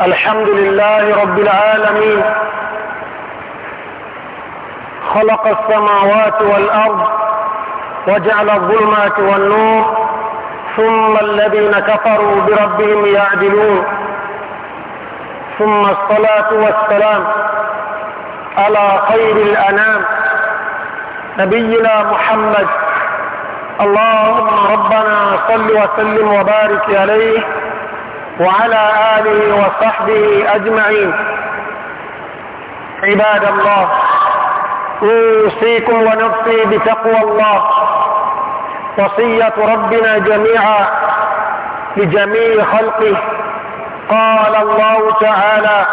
الحمد لله رب العالمين خلق السماوات والأرض وجعل الظلمات والنور ثم الذين كفروا بربهم يعدلون ثم الصلاة والسلام على خير الأنام نبينا محمد اللهم ربنا صل وسلم وبارك عليه وعلى آله وصحبه أجمعين عباد الله أوصيكم ونفسي بتقوى الله وصية ربنا جميعا لجميع خلقه قال الله تعالى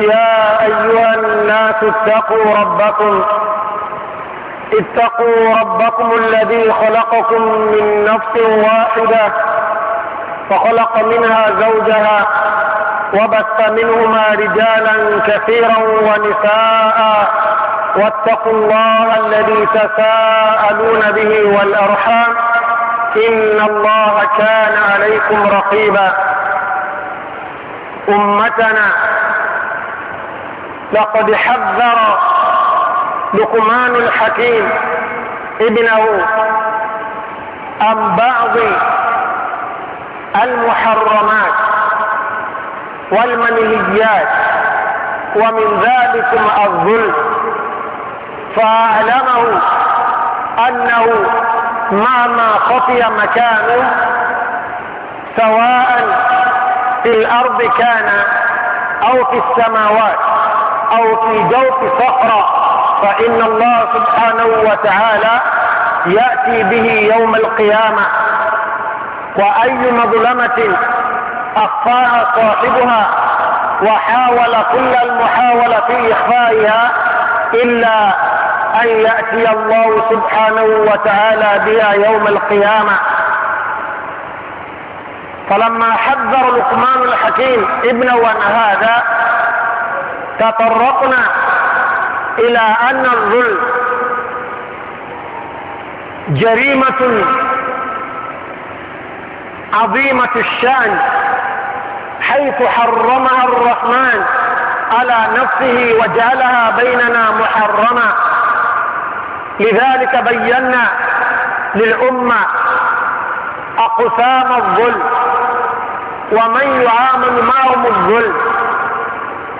يا أيها الناس اتقوا ربكم اتقوا ربكم الذي خلقكم من نفس واحده فخلق منها زوجها وبث منهما رجالا كثيرا ونساء واتقوا الله الذي تساءلون به والأرحام إن الله كان عليكم رقيبا أمتنا لقد حذر لقمان الحكيم ابنه عن بعض المحرمات والمنهيات ومن ذلكم الظلم فأعلمه أنه مهما خفي مكانه سواء في الأرض كان أو في السماوات أو في جوف صخرة فإن الله سبحانه وتعالى يأتي به يوم القيامة وأي مظلمة أخفاها صاحبها وحاول كل المحاولة في إخفائها إلا أن يأتي الله سبحانه وتعالى بها يوم القيامة فلما حذر لقمان الحكيم ابن وان هذا تطرقنا إلى أن الظلم جريمة عظيمة الشان حيث حرمها الرحمن على نفسه وجعلها بيننا محرمة لذلك بينا للأمة أقسام الظلم ومن يعامل معهم الظلم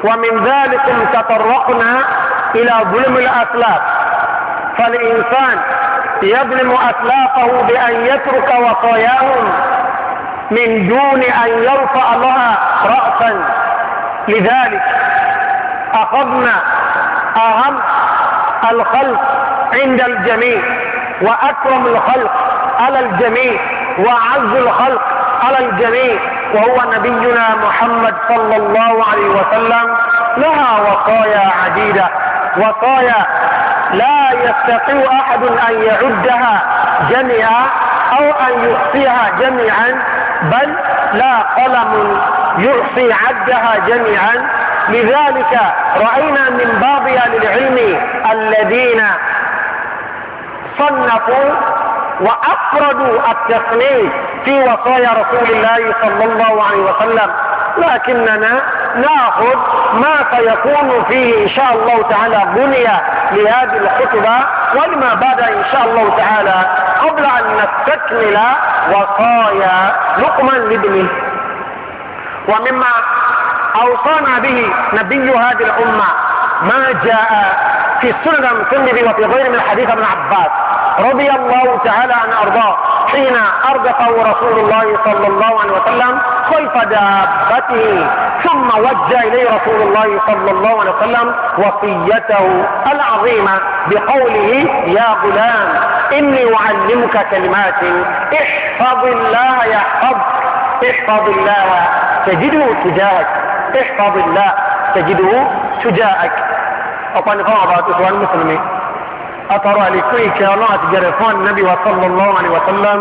ومن ذلك تطرقنا إلى ظلم الأسلاف فالإنسان يظلم أسلافه بأن يترك وصاياهم من دون أن يرفع لها رأسا لذلك أخذنا أهم الخلق عند الجميع وأكرم الخلق على الجميع وأعز الخلق على الجميع وهو نبينا محمد صلى الله عليه وسلم لها وقايا عديدة وقايا لا يستطيع أحد أن يعدها جميعا أو أن يخفيها جميعا بل لا قلم يعصي عدها جميعا لذلك رأينا من باب أهل العلم الذين صنفوا وأفردوا التصنيف في وصايا رسول الله صلى الله عليه وسلم لكننا ناخذ ما سيكون فيه ان شاء الله تعالى بنية لهذه الخطبة ولما بعد ان شاء الله تعالى قبل أن نستكمل وصايا لقما لابنه ومما أوصانا به نبي هذه الأمة ما جاء في السنه المسلمه وفي غير من حديث ابن عباس رضي الله تعالى عن أرضاه حين أردفه رسول الله صلى الله عليه وسلم خلف دابته ثم وجه إليه رسول الله صلى الله عليه وسلم وصيته العظيمة بقوله يا غلام إني أعلمك كلمات احفظ الله يحفظك احفظ الله تجده تجاهك احفظ الله تجده تجاهك أطلقوا بعض إخوان المسلمين atọrọ àlékún ìkẹ́ ọlọ́run àti gẹ̀rẹ̀ fún ànábì wa sallallahu alaihi wa sallam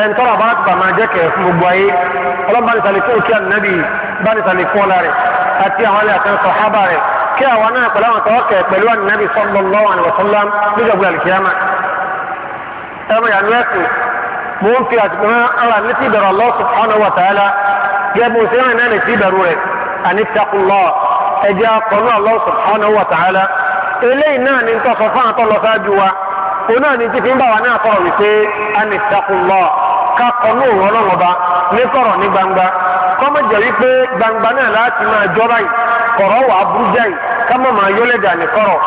ẹn tọrọ àbá àti bàmá jẹ́kẹ̀ fún gbogbo ayé ọlọ́run bá ní sàlékún ìkẹ́ ànábì bá ní sàlékún ọlá rẹ̀ àti àwọn alẹ́ àti sàhábà rẹ̀ kí àwọn náà pẹ̀lú àwọn tọ́kẹ̀ pẹ̀lú ànábì sallallahu alaihi wa sallam níjọba àlìkíyàmà ẹ̀rọ yà nẹ́ẹ̀sì eléyìí náà ni tó sọ fún àtọ́ lọ sáájú wa òun náà ni títí ń bá wa náà sọ̀rọ̀ wípé anittaqullah ká kọ́ ní òun ọlọ́run ọba ní kọ̀rọ̀ ní gbangba kọ́mọ jẹ́ wípé gbangba náà láti máa jọba yìí kọ̀rọ̀ wà á burú jáì ká má máa yọlẹ̀ dà ní kọ̀rọ̀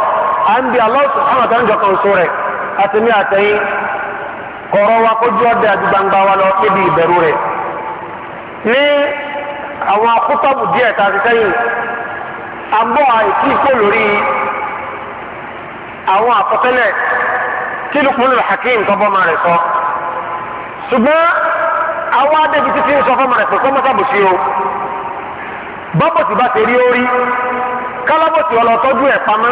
à ń bi Allah subhanahu wa ta'ala kan so rẹ̀ àtẹ̀mí àtẹ̀yìn kọ̀rọ̀ wa kójú ọ̀dẹ àti gbangba wa lọ síbi ìbẹ̀rù rẹ̀ ní àwọn akútọ́bù díẹ̀ tá a ti sẹ́yìn àbọ̀ àìsí kó lórí àwọn àkọsílẹ̀ tí Luqmanul Hakim tó bọ́ ọmọ rẹ̀ sọ ṣùgbọ́n àwọn adébí títí ń sọ fọ́mọ rẹ̀ pé kọ́mọ́tà bò sí o bọ́pọ̀tì bá ti rí orí kálábọ̀tì ọlọ́tọ́jú ẹ̀ pamọ́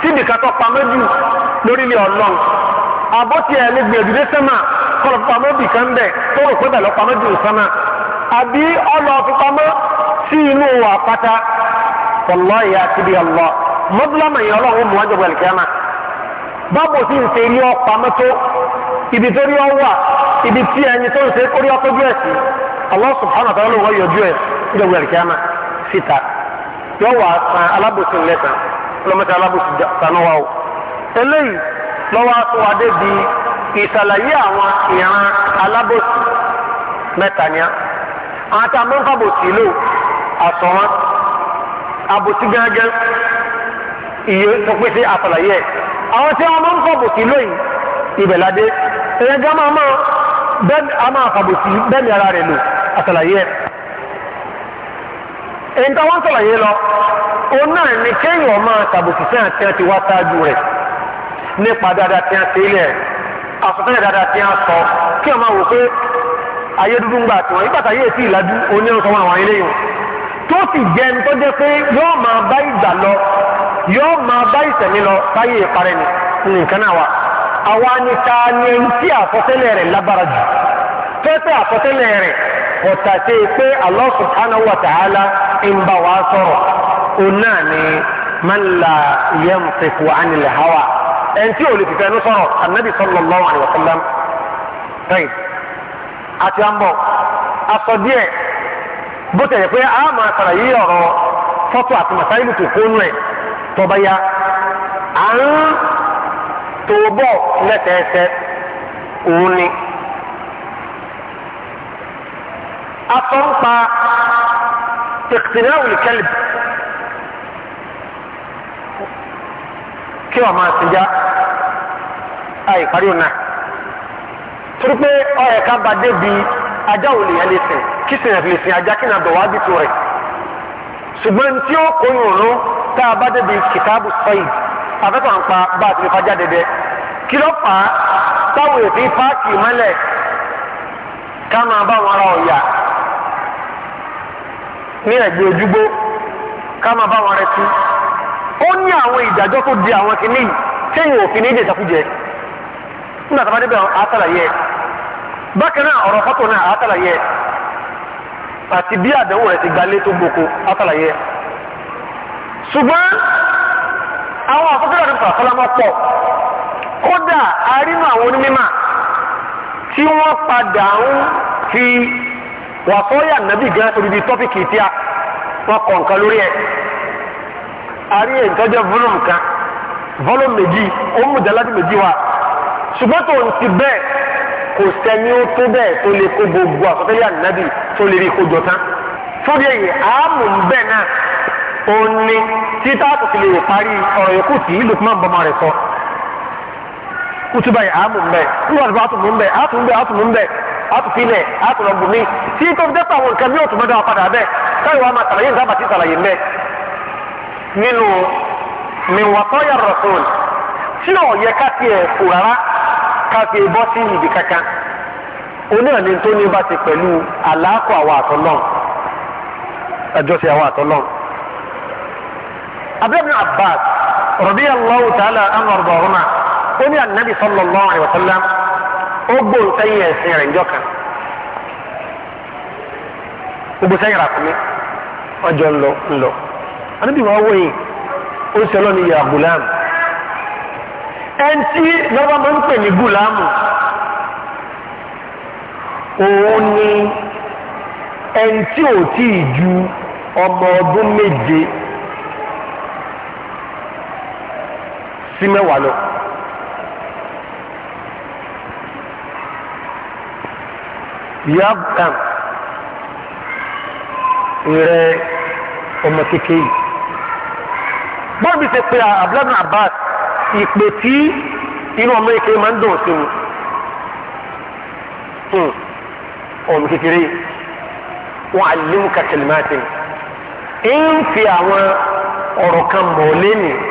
síbi kátó pamọ́ jù lórílẹ̀ ọlọ́run àbọ̀tì ẹ̀ lè gbèrú dé sẹ́mà kọ́lọ̀ pamọ́ bì kan bẹ̀ tó rò pé bẹ̀lọ́ pamọ́ jù sẹ́mà àbí ọlọ́ọ̀tún pamọ́ sí inú àpáta wallahi àti bí ọlọ́ọ̀ mọ́dúlámà yẹn ọlọ́run mú ọjọ́ gbẹ̀lì kẹ́mà báwo sì ń ṣe rí ọ̀pá mọ́tò ibi tó rí ọ wà ibi tí ẹni tó ń ṣe kórí ọkọ̀ jù ẹ̀ sí Allah subhanahu wa ta'ala ló wọ́n yọjú ẹ̀ ọjọ́ gbẹ̀lì kẹ́mà síta yọ wà san alábòsí lẹ́sàn ọlọ́mọdé alábòsí sanu wa o eléyìí lọ́wọ́ àtúwádé di ìṣàlàyé àwọn ìran alábòsí mẹ́ta ni á lò àsọ̀rọ̀ àbòsí gángan iye tó pín sí àfàlàyé ẹ̀ àwọn tí wọ́n máa ń fàbòsí lóyìn ìbẹ̀ládé ẹ̀yẹn gan máa máa bẹ́ẹ̀ a máa fàbòsí bẹ́ẹ̀ ara rẹ̀ lò àfàlàyé ẹ̀ èyí tó wọ́n sàlàyé lọ òun náà ni kéèyàn máa tàbòsí sí àti àti wá sáájú rẹ̀ nípa dáadáa tí a ṣe ilẹ̀ àsọtẹ́lẹ̀ dáadáa tí a sọ kí ọ máa wò pé ayé dúdú ń gbà tí wọ́n ìgbàtà yóò tí ìlàjú onírin wọn àwọn ilé yìí tó sì jẹ́ ń tó jẹ́ pé yóò máa bá ìgbà lọ yóò máa bá ìsẹ̀mí lọ báyìí ìparẹ́ ni nìkan náà wa àwa ni ta ni ẹni tí àkọsílẹ̀ rẹ̀ lágbára jù pẹ́pẹ́ àkọsílẹ̀ rẹ̀ ọ̀tà tí ì pé Allah subhanahu wa ta'ala ń bá wa sọ̀rọ̀ òun náà ni man la yantiqu anil hawa ẹni tí ò lè fìfẹ́ ní sọ̀rọ̀ anabi sallallahu alaihi wa sallam àti àmbọ̀ asọ̀díẹ̀ bó tẹ̀yẹ̀ pé a máa sàlàyé ọ̀rọ̀ fọ́tò àti màsáyìlì tọ́ba ya à ń tó bọ̀ lẹ́sẹẹsẹ òun ni. afọ́npa ìkìtìláwò kẹlẹ̀ kí wọ́n máa sèjá àìparí ọ̀nà torí pé ọ̀rẹ́ ká bá débi ajá ò lè yẹn lè sìn kí sìn ẹ̀ lè sìn ajá kí nà dọ̀wọ́ á tó rẹ̀ ṣùgbọ́n tí ó kó yòó tá a bá débi kìtàbù sọ́yìn afẹ́tọ̀ ń pa bá a ti fa jáde dẹ kí ló fà á táwọn èfi páàkì mọ́lẹ̀ ká máa bá wọn ra ọ̀yà ní ojúgbó ká máa bá wọn rẹtí ó ní àwọn ìdájọ́ tó di àwọn kìíní téèyàn òfin ní ìdèjàkújẹ nígbà tá a bá débẹ̀ àtàlàyé bákan náà ọ̀rọ̀ fọ́tò náà àtàlàyé àti bí ti gbalé tó gboko àtàlàyé. ṣùgbọ́n àwọn àfọ́fẹ́lẹ̀ ní fàfọ́lámọ́ pọ̀ kódà arínú àwọn onímọ̀ tí wọ́n padà ń fi wàsọ́yà nàbì gan odidi tọ́pìkì tí a wọ́n kọ̀ nǹkan lórí ẹ̀ arí ẹ̀ ìtọ́jẹ́ volume kan volume méjì òun mùjáládì méjì wa ṣùgbọ́n tó ń ti bẹ́ẹ̀ kò sẹ́ni ó tó bẹ́ẹ̀ tó lè kó gbogbo àfọ́fẹ́lẹ̀ nàbì tó lè rí kó tán fúdìẹ̀ yìí àámù ń bẹ́ẹ̀ náà òun ni tí táàtù ti lè parí ọ̀rọ̀ yòókù tí Lukman bọ́mọ rẹ̀ sọ. kútúbà yìí àmú ń bẹ̀ kúrò àti àtùmú ń bẹ̀ àtùmú ń bẹ̀ àtùmú ń bẹ̀ àtùfilẹ̀ àtùlọ̀gùn mi tí tó dé pàwọn nǹkan bí òtún mẹ́ta padà bẹ́ẹ̀ táyì wàá máa tàlàyé ìdábà tí tàlàyé ń bẹ́ nínú miwàtọ́yà rọ̀sùn tí ò yẹ ká kù rárá ká bọ́ sí ibì kankan oníhàn ni tó ní bá ti pẹ̀lú àlàkò àwọn àtọ́lọ́n ẹjọ́ sí àwọn àtọ́lọ́n abdul abbas radiyallahu ta'ala anhu ọ̀rọ̀dọ̀ọ̀rọ̀mà ó ní anabi sallallahu alayhi wa sallam ó gbóǹtẹ́yìn ẹ̀sìn rẹ̀ njọ́ kan gbóǹtẹ́yìn rà fún mi ọjọ́ ńlọ ńlọ anabi wọn wọ yìí ó ń sẹlọ ní ya gulam ẹntì lọ́wọ́ máa ń pè ní gulamu òun ni ẹntì ò ju ọmọ ọdún méje sí mẹ́wàá lọ. ìyá kan rẹ ọmọ kékeré yìí bọ́ọ̀bì ṣe pé abúlé abbas ìpè tí irú ọmọ kékeré máa ń dùn sí mu hmm. ọmọ kékeré wọn àlẹ́mú kàkẹ́lẹ́mátì ń fi àwọn ọ̀rọ̀ kan mọ̀ lẹ́nìí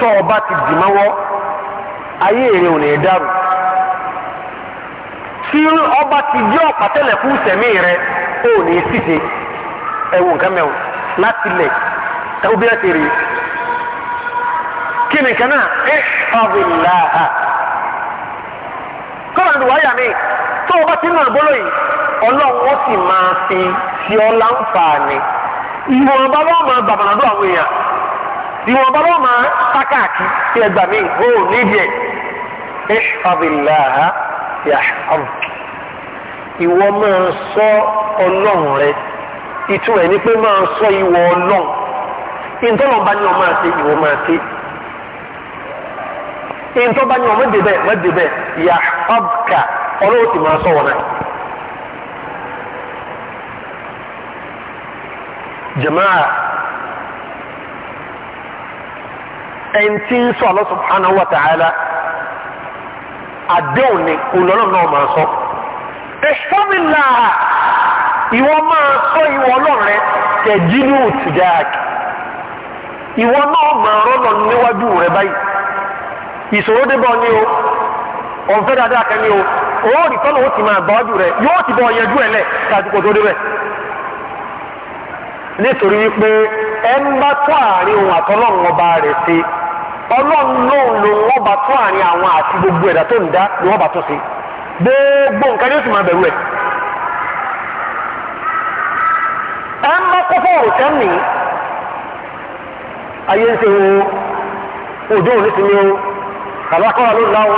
tọ́ ọ bá ti dì mọ́wọ́ ayé èrè ò ní dàrú tí ọba ti jẹ́ ọ̀pátẹ́lẹ̀ fún sẹ̀mí rẹ ò ní síse ẹ̀wù nǹkan mẹ́wọ̀n láti lẹ̀ tàbí bí ẹ ti rí kí nìkan náà ẹ ọ̀bìnláha kọ́ra ní wáyà mi tó ọba ti nà bọ́lọ̀ yìí ọlọ́run sì máa fi fi ọ́ láǹfààní ìwọ̀n bàbá ọmọ bàbá nàdó àwọn èèyàn ìwọ̀n bá wọ́n máa pákàkì tí ẹgbà mi ò níbi ẹ̀ ṣàbìláha yàṣàbù ìwọ máa sọ ọlọ́run rẹ ìtumọ̀ ẹ̀ ni pé máa sọ ìwọ ọlọ́run ìtọ́lọ̀ bá ní ọmọ àti ìwọ máa ké ìtọ́ bá ní ọmọ débẹ̀ mọ́ débẹ̀ yàṣàbùkà ọlọ́run ti máa sọ wọn jama'a ẹ̀ǹtí ń sọ Allah subhanahu wa ta'ala àdéhùn ni olùlọ́nà náà máa sọ. ẹ̀fọ́mìlà ìwọ máa sọ ìwọ ọlọ́run rẹ tẹ̀jínú tìjáàkì ìwọ náà máa rọ́nà níwájú rẹ báyìí ìṣòro débọ̀ ni o ọ̀nfẹ́ dáadáa kan ni o òórì tọ́lọ̀ ó ti máa gbọ́jú rẹ yóò ti bọ̀ ọ̀yẹ́jú ẹ̀ lẹ̀ kájú tó débẹ̀ nítorí wípé ẹ ń bá tó àárín ohun àtọ́lọ́run ọba rẹ̀ ṣe ọlọ́run lóun ló wọ́n bá tún àárín àwọn àti gbogbo ẹ̀dá tó ń dá ni wọ́n bá tún sí gbogbo nǹkan yóò sì máa bẹ̀rù ẹ̀. ẹ ń bá kókó òrùkẹ́ mi ayé ń ṣe wo òjò òní sí mi o kàlákọ́ra ló la o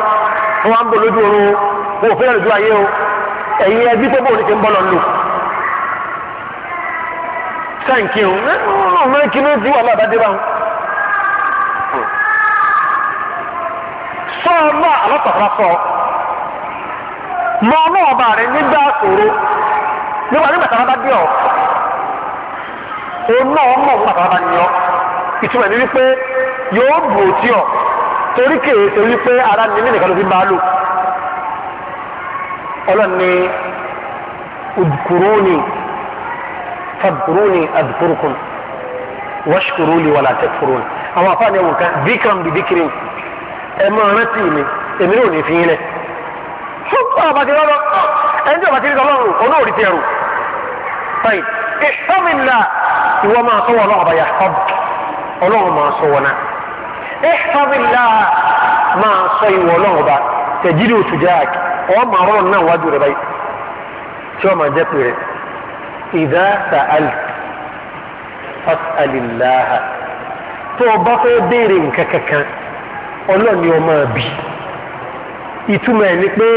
wọ́n á ń bọ̀ lójú oorun o wọn ò fẹ́ràn lójú ayé o ẹ̀yin ẹbí tó bọ̀ òní ti ń bọ̀ lọ lò. sáǹkì o ọ̀nà ìkíni ojú wà lọ́dàdé báwọn. sọ ọlọ́ àlọ́tọ̀fà sọ mọ ọlọ́ọ̀bà rẹ nígbà ṣòro nígbà nígbà tí a bá dé ọ òun náà mọ̀ nígbà tí a bá ní ọ ìtumọ̀ ní wípé yóò bù òtí ọ torí kèé ṣe wípé ara ní nínú ìkàlùfín máa lò ọlọ́ni udkuruni fadkuruni adkurukun washkuruli wala àwọn afáàní ẹ̀wọ̀n kan dhikran bi dhikrin. ẹ máa rántí mi èmi náà ò ní fi yín lẹ. ọ̀rọ̀ bàtí lọ́dọ̀ ẹni tí ọ̀bàtí lọ́dọ̀ ọ̀rọ̀ ọ̀nà òrì ti ẹ̀rù. báyìí ìṣọ́mìnà ìwọ máa sọ wọn ọlọ́run àbáyà ọ̀b ọlọ́run máa sọ wọn náà. ìṣọ́mìnà máa sọ ìwọ ọlọ́run ọba tẹ̀jírí òtù jáàkì ọ̀ máa rọrùn náà wájú rẹ báyìí tí wọ́n máa jẹ́ pé rẹ̀ ìdá sàál fasalilaha tó o bá fẹ́ béèrè nǹkan kankan ọlọ́ni ọmọ ẹ̀bì ìtumọ̀ ẹ̀ ni pé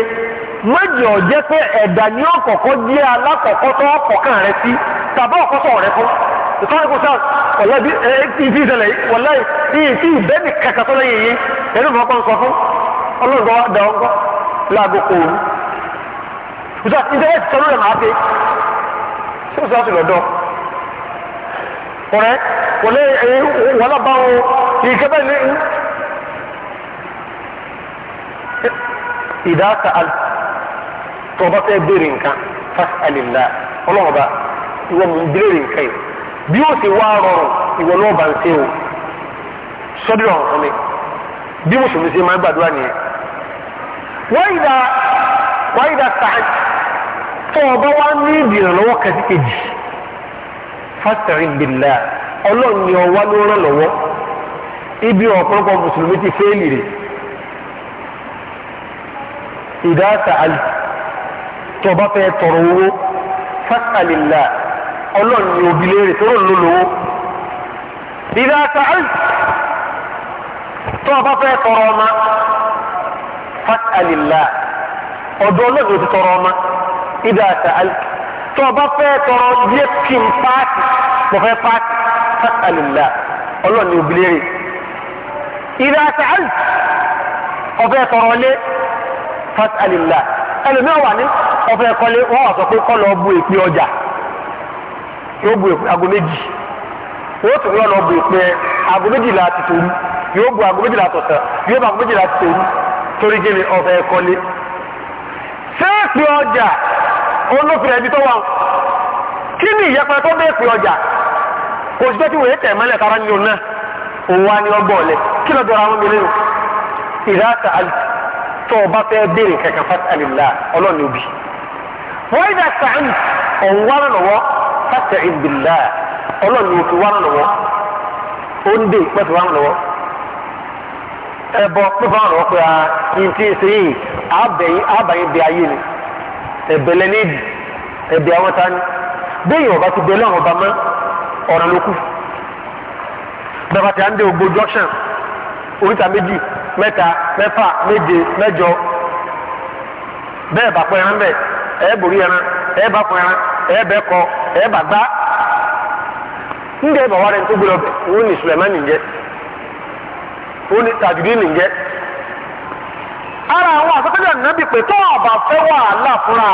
mọ́jọ jẹ́ pé ẹ̀dà ní ọ̀kọ̀ọ̀kọ́ jẹ́ alákọ̀ọ́kọ́ tó ọ̀kọ̀ọ̀kan rẹ sí tàbá ọ̀kọ́sọ̀ rẹ fún ìtọ́wọ́n kò sáà wọ̀lá bí ìfi ìṣẹ̀lẹ̀ wọ̀lá ìfi ìbẹ́ni kẹ̀kẹ́ tó lẹ́yìn yìí ẹ̀rọ ìfọwọ́pọ̀ ń sọ fún ọlọ́run tó wá da ọgbọ́ láago kò wù. ìjọ ìjọba ti sọ̀rọ̀ rẹ̀ máa fi ṣé o sọ àti lọ́dọ̀ ọ̀rẹ́ wọlé wọlá bá wọn ìkẹ́bẹ́ إذا سأل توبة بيرين كان فاسأل الله الله با ìwọ mú bílẹ̀rì nǹkan yìí bí ó sì wá rọrùn ìwọ náà bá ń ṣe o sọ́dọ̀ ọ̀hún fún mi bí mùsùlùmí ṣe máa ń gbàdúrà nìyẹn. wọ́n ìdá ibi ọ̀pọ̀lọpọ̀ mùsùlùmí ti fẹ́ẹ́lì ìdáàtà àlì tọba fẹ́ tọrọ owó fásitàlélà ọlọ́run ni òbí léèrè tó rọrùn lólówó ìdáàtà àlì tọba fẹ́ tọrọ ọmọ fásitàlélà ọ̀dọ̀ ọlọ́run ti tọrọ ọmọ ìdáàtà àlì tọba fẹ́ tọrọ yẹ kí n paati mo fásitàlélà ọlọ́run ni òbí léèrè ìdáàtà tọrọ lé fasalila ẹlòmí ọ̀wà ní ọ̀fẹ́ kọ́lé wọ́n wà sọ pé kọ́ lọ bu èpè ọjà yóò bu èpè aago méjì yóò tún lọ́ọ́ lọ bu èpè aago méjìlá ti torí yóò bu aago méjìlá tọ̀sán yóò bu aago méjìlá ti torí torí gíní ọ̀fẹ́ kọ́lé. ṣé èpè ọjà olófin ẹbí tó wà kí ni ìyẹpẹ tó bẹ́ẹ̀ pè ọjà kò sí tẹ́tí wòye tẹ̀ mẹ́lẹ̀ tara nínú náà òun wá ní ọgbọ́n lẹ̀ kí lọ́ọ́ dọ̀rọ̀ àwọn mi lẹ́nu ìdáta àlùt tó o bá fẹ́ béèrè kankan fasalillah ọlọ́run ni ó bì wọ́n yìí dàtà ń ọ̀hún wàrà lọ́wọ́ fasta'in billah ọlọ́run ni ó fi wàrà lọ́wọ́ ó ń dè pẹ́fẹ́ wàrà lọ́wọ́ ẹbọ pẹ́fẹ́ wàrà lọ́wọ́ pé a yìí ti ṣe yìí àbẹ̀yìn àbẹ̀yìn bí ayé ni ẹ̀bẹ̀lẹ̀ ní ẹ̀bẹ̀ àwọn ta ni bẹ́ẹ̀ ọba ti bẹ̀lẹ̀ ọba mọ́ ọ̀ràn lókù bàbá tí a ń dé ògbó junction oríta méjì mẹta, mẹ́fà méje mẹ́jọ bẹ́ẹ̀ bá pọ̀ ẹran bẹ́ẹ̀ ẹ̀ bòrí ẹran ẹ̀ bá pọ̀ ẹran ẹ̀ bẹ́ẹ̀ kọ ẹ̀ bá gbá ń jẹ́ bàbá rẹ̀ tó gbúdọ̀ ní ní ara àwọn pé tó ọba fẹ́ fúnra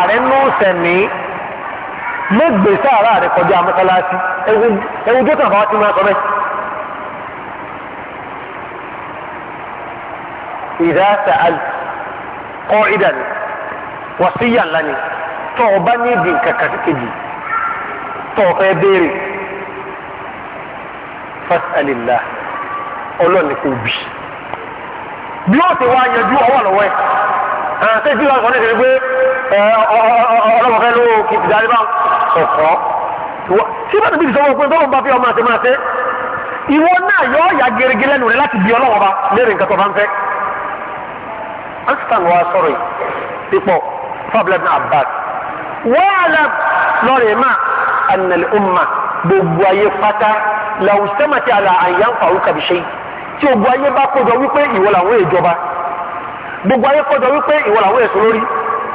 ìdá sàl kọ́ ìdá ni wàsíyà ńlá ni tọ́ ọ bá ní ìdí nǹkan kan kejì tọ́ ọ fẹ́ béèrè fasalila ọlọ́ọ̀ni kò bì bí ó ti wá yanjú ọwọ́ lọ́wọ́ ẹ̀ ṣé ìdílé ọ̀sán ní ìdílé pé ọlọ́mọfẹ́ ló kì í ti darí bá ọ̀kọ́ tí bá tẹ̀lé ìsọ̀rọ̀ pé tọ́lọ́ bá fi ọmọ àti máa ṣe ìwọ náà yọ ọ̀yà gẹ́gẹ́ lẹ́nu rẹ láti di ọlọ́wọ́ bá léèrè nǹkan tó bá ń fẹ́ pakistan wa sọ̀rọ̀ yìí ipò fábílẹ̀ ibn abbas wàhálà lọ́rẹ̀ máa anàlẹ́ umma gbogbo ayé pátá làwùsẹ́màtì àlà àyànfà òkàbíṣẹ́ tí gbogbo ayé bá kójọ wípé ìwọ làwọn ìjọba gbogbo ayé kójọ wípé ìwọ làwọn èso lórí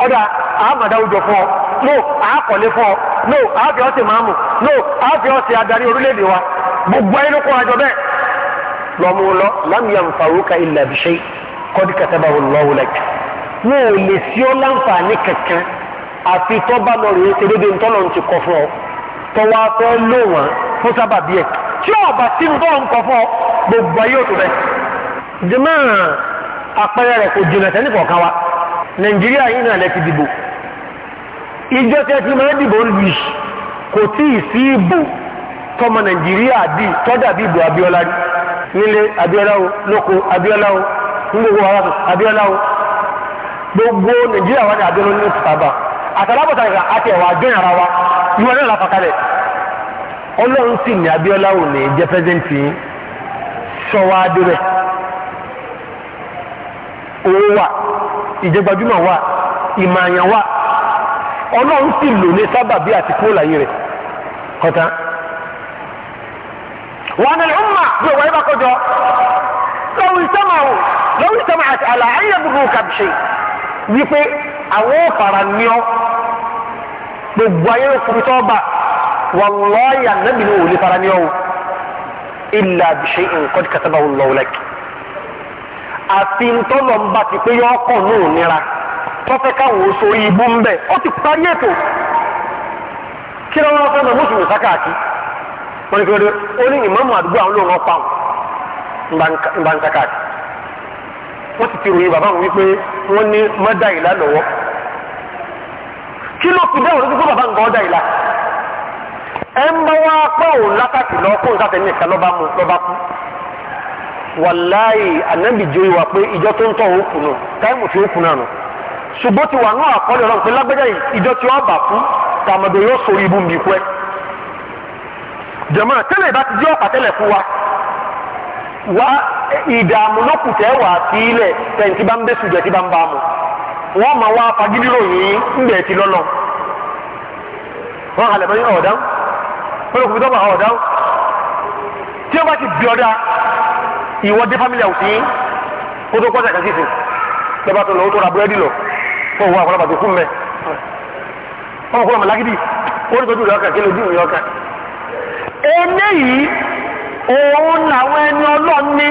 ọ̀dà àmàdáwùjọ fún ọ no àákọ̀lé fún ọ no àáfi ọ̀sẹ̀ màámù no àáfi ọ̀sẹ̀ adarí orílẹ̀-èdè wa gbogbo ayé ló kó àjọ bẹ́ẹ̀ lọ́mú lọ lámìyàn fàrúkà illa bishai kọ́dí katabahu Allahu lak wọn ò lè sí ọ láǹfààní kankan àfi tọ́ba lọ rèé ṣe déédéé ń tọ́lọ̀ ń ti kọ́ fún ọ tọ́wọ́ afẹ́ lò wọ́n fún sábàbí ẹ̀ tí ọba tí ń tọ́lọ̀ ń kọ́ fún ọ gbogbo ayé òtún bẹ́ẹ̀. jẹ́mọ́ àpẹẹrẹ rẹ̀ kò jìnnà sẹ́ni kọ̀ọ̀kan wa nàìjíríà yìí náà lẹ́ ti dìbò ìjọ tí ti máa dìbò ń lùì kò tí ì sí ìbò tọmọ nàìjíríà bíi tọ́jà bíi ìbò Abíọ́lá nílé Abíọ́lá o lóko Abíọ́lá o gbogbo wa Abíọ́lá o gbogbo Nàìjíríà wa ni Abíọ́lá ní sábà àtàlábọ̀tà ìgbà àti ẹ̀wà àjọyìn ara wa ìwọ náà la fàkalẹ̀ Ọlọ́run sì ní Abíọ́lá ò ní jẹ́ pẹ́sẹ́ǹtì sọ wá débẹ̀ owó wà ìjẹgbajúmọ̀ wà ìmọ̀-àyàn wà Ọlọ́run sì lò ní sábàbí àti kúrò láyé rẹ̀ kọ́tán wọn ni ọmọ bí ọwọ́ yẹn bá kọjọ lọ́wọ́ ìsẹ́màwò lọ́wọ́ ìsẹ́mà àti àlà ayé gbogbo kàbṣe wípé àwọn òfàrà ní ọ gbogbo ayé òkúrú tó bá wàlọ́ọ̀yà nàbì ní òòlì fara ní ọ ìlà àbṣe nǹkan kàtàbà lọ́wọ́lẹ́kì àti ntọ́lọ̀ ń bá ti pé yọ ọkọ̀ ní òmìnira tọ́fẹ́ káwọn oṣù ìbú ń bẹ̀ ó ti parí ètò kí lọ́wọ́ fẹ́ mọ̀ mọ́sùlùmí sákàtì wọ́n ní kí lóde ó ní ìmọ̀ọ́mù àdúgbò àwọn olóòrán pa wọn ń bá ń sáká àti wọ́n ti ti ròyìn bàbá wọn wípé wọ́n ní mọ́dà ìlà lọ́wọ́ kí ló fi bẹ́ẹ̀ lójú pé bàbá ń gbọ́ ọ́dà ìlà ẹ ń bá wá pọ̀ òun látàkì lọ kó n sáfẹ́ ní ìka lọ́ba mu lọ́ba kú wàláyé ànábì jẹ́ wà pé ìjọ tó ń tọ̀ ó kù nù táìmù tí ó kù náà nù ṣùgbọ́n ti wà ní àkọọ́lẹ̀ ọlọ́run pé lágbẹ́jà ìjọ tí ó bà kú tàmọ̀dọ̀ yóò sọ ibú mi kú ẹ jẹ̀mọ́ tẹ́lẹ̀ bá ti jẹ́ ọ̀pá tẹ́lẹ̀ fún wa wá ìdààmú lókùtẹ́ wà sí ilẹ̀ tẹ̀ǹtì bá ń bẹ́ sùjẹ́ tí bá ń bá mu wọ́n máa wá fagídírò yìí ń bẹ̀ ti lọ́lọ́ wọ́n halẹ̀ mọ́ yín ọ̀dáhùn wọ́n lè kó fi tọ́ bá ọ̀dáhùn tí wọ́n bá ti bí ọ̀dá ìwọ dé family house yín kó tó kọ́sà kàkísì lọ́ba tó lọ́wọ́ tó ra búrẹ́dì lọ fún òun àkọlọ́ba tó kú mẹ́ ọmọkùnrin ọmọlágídì òun làwọn ẹni ọlọ́run ní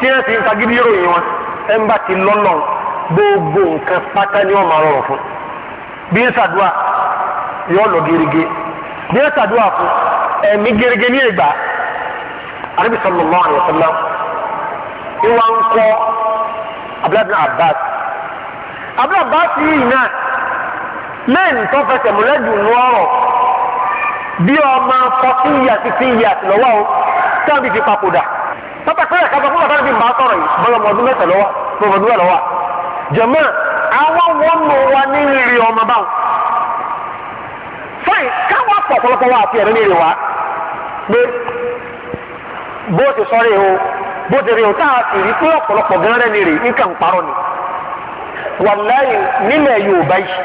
tí wọ́n ti ń fagídí ròyìn wọn ẹ̀ ń bá ti lọ́lọ́ gbogbo nǹkan pátá ni wọ́n máa rọrùn fún bí ń ṣàdúrà yọ lọ gerege bí ń ṣàdúrà fún ẹ̀mí gerege ní ìgbà àríbi sallallahu alaihi wasallam ìwà ń kọ́ abúlé abbas abúlé abbas yìí náà lẹ́yìn tó fẹsẹ̀ mọ́lẹ́dùn lọ́rọ̀ bí ọmọ fourteen years fifteen years lọ́wọ́ o tí wọn fi fi papòdà pápá pé ẹ̀ka sọ fún bàtà níbi màá sọ̀rọ̀ yìí bọ́lọ̀ mọ̀ọ́dún mẹ́sàn lọ́wọ́ mọ̀ọ́dún mẹ́sàn lọ́wọ́ jẹ̀mọ́ àwọn wọn mọ̀ wa ní rírì ọmọ báwọn fáìn káwọn pọ̀ pọ̀lọpọ̀ wa àti ẹ̀rọ ní rírì wa pé bó ti sọ̀rọ̀ yìí o bó ti rí o tá a sì rí pé ọ̀pọ̀lọpọ̀ gan rẹ̀ ní rè nǹkan ń parọ́ ni wàláyé nílẹ̀ Yorùbá yìí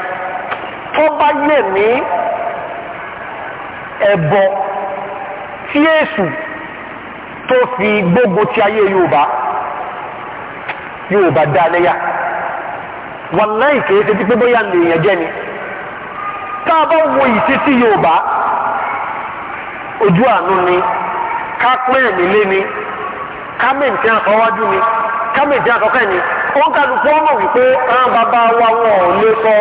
tó bá yẹ̀ ní ẹ̀bọ tí Èṣù tó fi gbogbo ti ayé yorùbá yorùbá dá wàláì ti pé bóyá lèèyàn jẹ́ ni tá a bá wo ìṣesí yorùbá ojú àánú ni ká pín lé ni ká mèǹtẹ́ ni ká mèǹtẹ́ ni wọ́n kálukú ọmọ wípé àwọn bàbá wa wọn ò lè sọ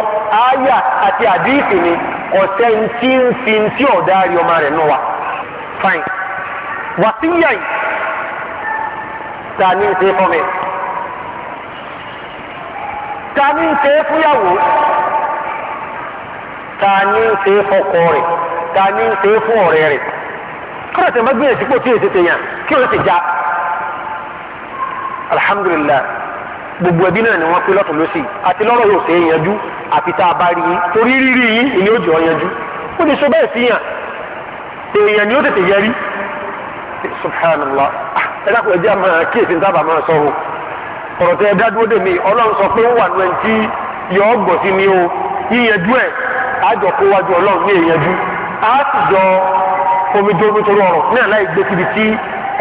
àáyà àti àdíìsì ni ọ̀sẹ̀ ntí ń wàsíyà yìí ta ni ń ṣe fún mi ta ni ń ṣe fúyàwó ta ni ń ṣe fọkọ rẹ ta ni ń ṣe fún ọ̀rẹ́ rẹ kọ́nà tẹ̀ mọ́ gbìyànjú pò tí èsì tèèyàn kí o sì já alhamdulillah gbogbo ẹbí náà ni wọ́n pé lọ́tọ̀ lọ́sì àti lọ́rọ̀ yóò ṣe yanjú àfi tá a bá rí yín torí rírí yín ìní ó jọ yanjú ó ti sọ bẹ́ẹ̀ sí yàn èèyàn ni ó tètè yẹrí subhanallah ẹ dákun ẹ jẹ́ àmọ́ kíyèsí ní sábà máa sọ̀rọ̀ ọ̀rọ̀ tẹ ẹ dádúró dè mí ọlọ́run sọ pé ó wà nù ẹ̀ tí yọ ọ́ gbọ̀ sí ni o yíyanjú ẹ̀ àjọ kó wájú ọlọ́run ní èèyanjú á sì jọ omijó nítorí ọ̀rọ̀ ní àláì gbé síbi tí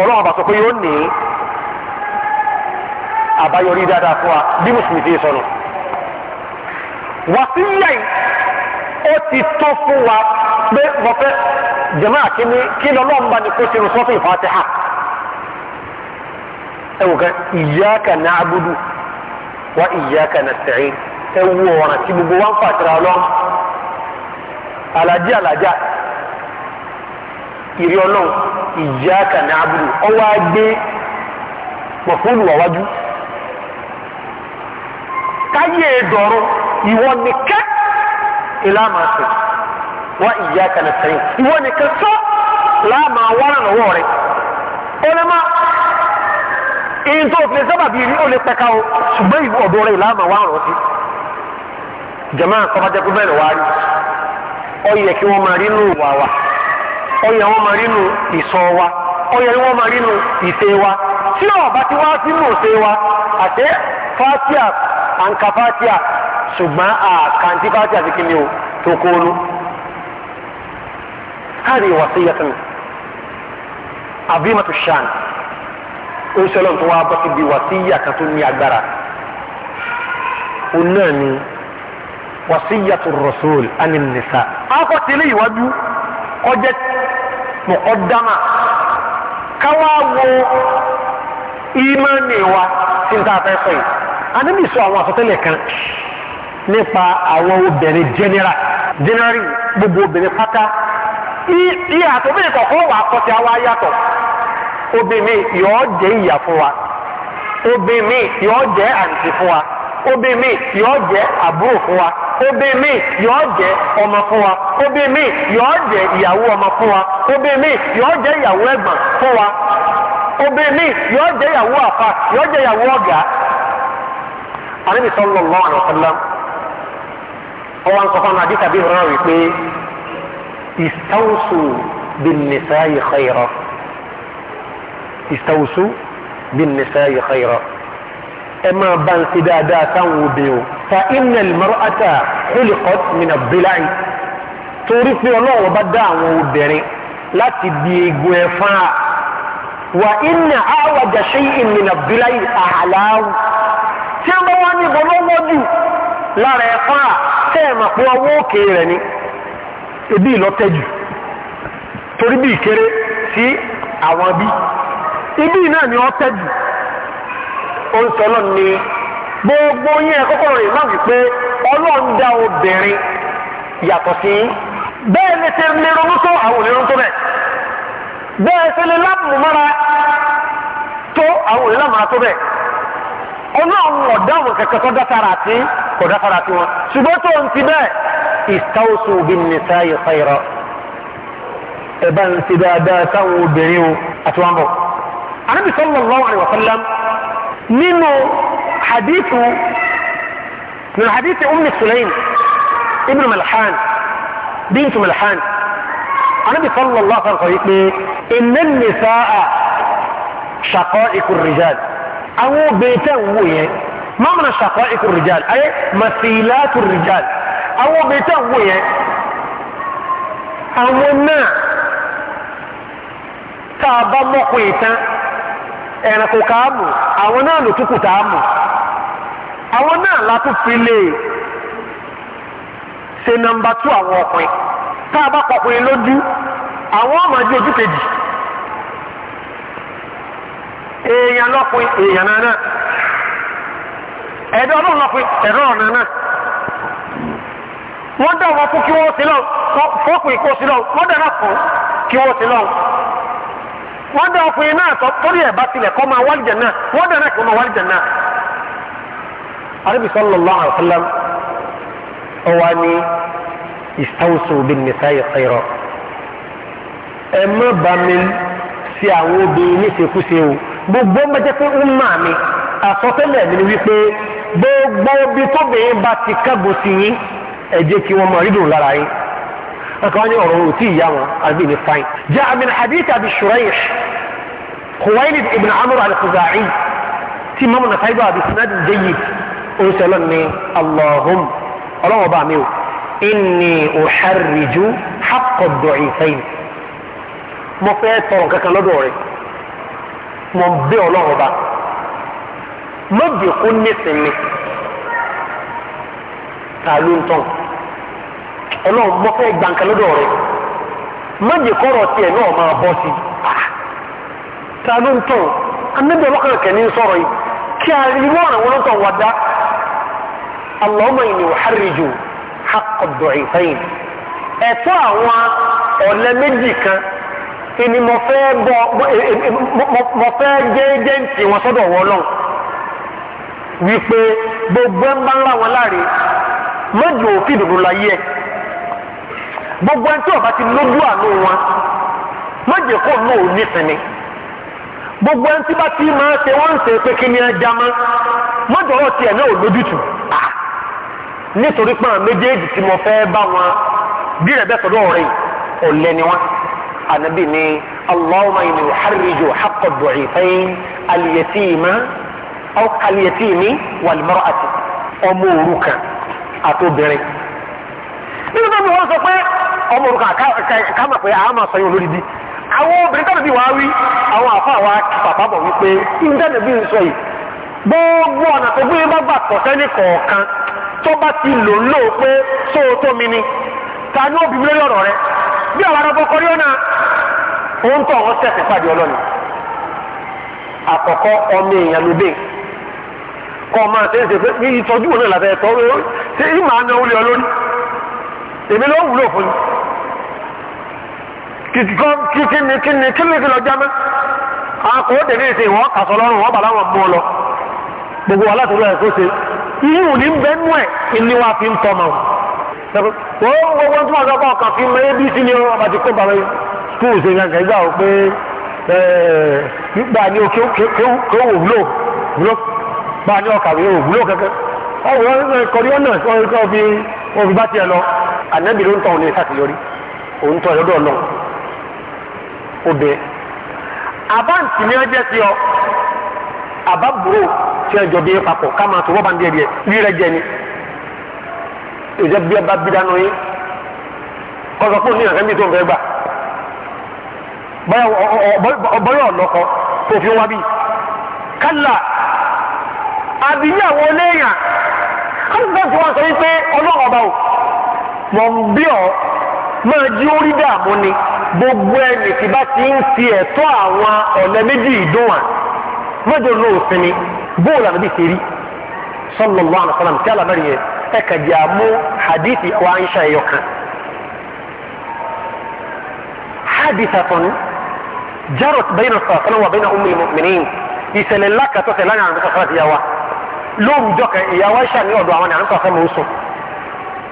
ọlọ́run àbàsọ pé yóò ní àbáyọrí dáadáa fún wa bí mùsùlùmí ti sọnù wàsíyà ó ti tó fún wa abe mọfẹ jamaa kini kini ọlọmọba ni kò sinu sọfún ìfàtẹ́hà ẹ wò ká iyyaka na'budu wa iyyaka nasta'in ẹ wú ọ̀ràn tí gbogbo wa ń fà tẹ̀ra ọlọ́run alajà alajà ìrì ọlọ́run iyyaka na'budu ọwọ́ agbé mọ̀fúnù wàwájú káyé dọ̀rọ̀ ìwọ nìkẹ́ ìlànà sùn wa iyyaka nasta'in ìwọ nìkan sọ láàmà wọ́n ràn lọ́wọ́ rẹ̀ ó lè má ìyìn tó fi sábà bíi rí ó lè pẹ́ka o ṣùgbọ́n ìlú ọ̀dọ́ rẹ̀ láàmà wọ́n ràn sí jama kọ́bájẹ́ kó bẹ́ẹ̀ wá rí ó yẹ kí wọ́n máa rí nù wà wà ó yẹ wọ́n máa rí nù ìsọ wa ó yẹ wọ́n máa rí nù ìṣe wa tí ọba ti wá sí nù ṣe wa àti fatia àǹkà fatia ṣùgbọ́n àkàǹtí fatia ti kí o tó kó هذه وصية عظيمة الشان أرسلون توابط بوصية كتنمي أكبر قلناني وصية الرسول عن النساء أقلت لي وجو قجت مقدمة كواو إيماني و سنتافيسي أنا بيسو أمو أسطلي كان nípa àwọn obìnrin جنرال generally gbogbo obìnrin pátá iye àtòbìnrin kọ̀ọ̀kan wà kọsí àwa yàtọ̀ obìnrin yọ̀ọ́ jẹ́ ìyà fún wa obìnrin yọ̀ọ́ jẹ́ àǹtí fún wa obìnrin yọ̀ọ́ jẹ́ àbúrò fún wa obìnrin yọ̀ọ́ jẹ́ ọmọ fún wa obìnrin yọ̀ọ́ jẹ́ ìyàwó ọmọ fún wa obìnrin yọ̀ọ́ jẹ́ ìyàwó ẹ̀gbọ́n fún wa obìnrin yọ̀ọ́ jẹ́ ìyàwó àfa yọ̀ọ́ jẹ́ ìyàwó ọ̀gá. àníbi lọ́wọ́ àná ọ̀sán lọ́wọ́ àwọn sọ fún istawsu bin nisa'i khayra istawsu bin nisa'i khayra ẹ máa bá ń ṣe dáadáa sáwọn obìnrin o fa inna al-mar'ata khuliqat min ad-dila'i torí pé ọlọ́wọ́ bá dá àwọn obìnrin láti di egbò ẹ̀fọn a wà inna a'waja shay'in min ad-dila'i a'lahu tí wọ́n wá ní ìbọn lọ́wọ́ jù lára ẹ̀fọn a tẹ́ ẹ̀ mà pé ọwọ́ òkè rẹ̀ ni ebi ìlọ́tẹ́jù torí bí ìkéré sí àwọn bí ibi náà ni ọ́tẹ́jù ó ń sọ lọ́nà ni gbogbo yẹn kọ́kọ́ rẹ̀ máa fi pé ọlọ́run dá obìnrin yàtọ̀ sí bẹ́ẹ̀ lè ṣe lè ronú tó àwọn ò tó bẹ́ẹ̀ bẹ́ẹ̀ ṣe lè lámù mọ́ra tó àwọn ò mọ́ra tó bẹ́ẹ̀ ọlọ́run ọ̀dá kẹ̀kẹ́ tó dá sára àti kò dá sára àti wọn ṣùgbọ́n tó ń ti bẹ́ẹ̀. استوصوا بالنساء خيرا ابن سبابا سو بريو اتوامو النبي صلى الله عليه وسلم من حديث من حديث ام سليم ابن ملحان بنت ملحان النبي صلى الله عليه وسلم ان النساء شقائق الرجال او بيتا ما من شقائق الرجال اي مثيلات الرجال àwọn obìnrin tẹ̀ ń wò yẹn àwọn náà tá a bá mọ̀kùn ìtàn ẹ̀rànkò káàmù àwọn náà ló túkù tá a mù àwọn náà látúfi lè ṣe nọ́mbà tú àwọn ọkùnrin tá a bá kọkùnrin lójú àwọn ọmọ ajé ojú kejì èèyàn lọ́kùnrin èèyàn náà náà ẹ̀dọ́ ọlọ́run lọ́kùnrin ẹ̀dọ́ ọ̀nà náà wọ́n dá wọn fún kí wọ́n sí lọ fọ́pù ìkó sí lọ wọ́n dáná fún kí wọ́n sí lọ. wọ́n dá ọkùnrin náà tọ́ torí ẹ̀ bá tilẹ̀ kọ́ máa wálìjẹ̀ náà wọ́n dáná kí wọ́n máa wálìjẹ̀ náà. arábì sallallahu alaihi wasallam ọwọ́ ni istawsu bin nisa'i khayra. ẹ má bá mi sí àwọn obìnrin níṣekúṣe o gbogbo ń bẹ́jẹ́ pé ń mà mí àsọtẹ́lẹ̀ mi ni wípé gbogbo ibi tóbìnrin bá ti kábòsí yín ẹ jẹ́ kí wọ́n máa rí dùn lára yín ọkàn ní ọ̀rọ̀ òtí ìyá wọn àbí ní fain. jaa min hadith abi shuraish khuwailid ibn amr al-khuza'i tí mamu na taiba abi sinadin jayyid oṣooṣan ni allahum ọlọ́wọ́ bá mi o inni uharriju haqqad du'ifain mo fẹ́ tọrọ kankan lọ́dọ̀ rẹ̀ mo bẹ̀ ọlọ́wọ́ bá mo bẹ̀ kú nísìnyí ta ló ń tán ọlọ́run mọ́ fẹ́ gba nǹkan lọ́dọ̀ rẹ má jẹ́ kọ́rọ̀ tiẹ̀ náà máa bọ́ sí ah! ta ló ń tán anábẹ́ ọlọ́kàn kẹ́ ní sọ̀rọ̀ yìí kí a rí wọ́n àwọn olóńtàn wá dá Allahumma inni uharriju haqqa àwọn ọ̀lẹ méjì kan ìní mo fẹ́ bọ́ mo e, e, fẹ́ jẹ́ ẹ́jẹ̀ǹtì wípé gbogbo ẹ̀ ń wọn láre mọ́jọ òfin ìdòdò láyé ẹ̀ gbogbo ẹni tí ọba ti lójú àánú wọn mọ́jẹ̀ kó náà ò nífẹ̀ẹ́ gbogbo ẹni tí bá ti máa ṣe wọ́n ń ṣe pé kí ni ẹ já mọ́ mọ́jọ ọ̀rọ̀ tiẹ̀ náà ò lójútù nítorí pé àwọn méjèèjì tí mo fẹ́ bá wọn bí rẹ̀ bẹ́ẹ̀ sọ́dọ̀ ọ̀rẹ́ ọ̀lẹ́ ni wọn ànábì ni allahumma inni uharriju haqqa ad-du'ifayn al-yatima aw al-yatimi wal-mar'ati ọmọ òrukàn àtòbìnrin nínú tó ń bọ̀ wọ́n sọ pé ọmọ òrùka káàmà pé àá máa sọ yín olórí bí àwọn obìnrin tàbí wàá wí àwọn àfáà wa pàpà bọ̀ wípé ìjẹ́nà bí n sọ yìí gbogbo ọ̀nà tó gbé bá gbà tọ̀ sẹ́ni kọ̀ọ̀kan tó bá ti lò ń lò pé sóòótọ́ mi ni ta ni ó bìbí lórí ọ̀rọ̀ rẹ bí àwọn arábọ́kọ rí ọ̀nà òun tọ̀ wọ́n tẹ̀sí pàdé ọlọ́ni àkọ́kọ́ ọmọ èèyàn ló dé kọ́ máa tẹ́sí pé ìtọ́jú òun náà làbẹ́ tọ́ ṣé ìmọ̀ àná wúlẹ̀ olórí èmi ló wúlò fún yín kìkọ́ kíni kíni kíni kí lọ jámẹ́ àkó dèbí ìsìn ìwọ́ kàṣọ lọ́rùn wọ́n bà láwọn mú ọ lọ gbogbo wa láti lọ́yẹ̀ tó ṣe ìyún ní bẹ́ẹ̀ nú ẹ̀ ìní wa fi ń tọ́ ma wọ́n gbogbo tí wọ́n sọ pé ọkàn fi mọ ebi sí ni wọ́n bá ti kó bàbá yìí skul ṣe yàn gẹ́gẹ́ àwọn pé gbà ní o kéwò wúlò wúlò gbà ní ọkàwé òwúlò kẹ́kẹ́ ọ̀rọ̀ kọ̀rí ọ̀nà ọ̀fi òfi bá tiẹ̀ lọ ànábì ló ń tọ̀ ní ìsàtìyọrí òun tọ̀ lọ́dọ̀ ọ̀nà obè àbáǹtì ni wọ́n jẹ́ sí ọ àbábúrò tí ẹjọ́ bí papọ̀ ká máa tó wọ́n bá ń díẹ̀ díẹ̀ rírẹ jẹ ni ìjẹ́ bí ẹ bá bí dáná yín kọ́sọ́ pé òní ìrẹ́mí tó ń fẹ́ gbà bọ́yọ̀ ọ̀lọ́kọ̀ òfin wá bí kálá àbí ní àwọn oléèyàn káṣíṣẹ́ tí wọ́n sọ wípé ọlọ́run ọba ò mọ̀ ń bí ọ máa jí orí dààmú ni gbogbo ẹni tí bá ti ń fi ẹ̀tọ́ àwọn ọ̀lẹ́ méjì ìdún wa mọ́jọ ló sinmi bóòlù àbí ti rí sallallahu alaihi wasallam tí alábẹ́rẹ́ yẹn ẹ kàdí àmú hadithi wa ń ṣe ẹ̀yọ kan. hadithatun jarat bayna sallallahu wa bayna ummil mu'minin ìṣẹ̀lẹ̀ ńlá kàtọ́sẹ̀ lánàá àti sọ̀rọ̀ àti yàwá lóòrùjọ kan ìyàwó aisha ní ọ̀dọ̀ àwọn àrùn kọ̀ọ̀kan mọ̀ ń sùn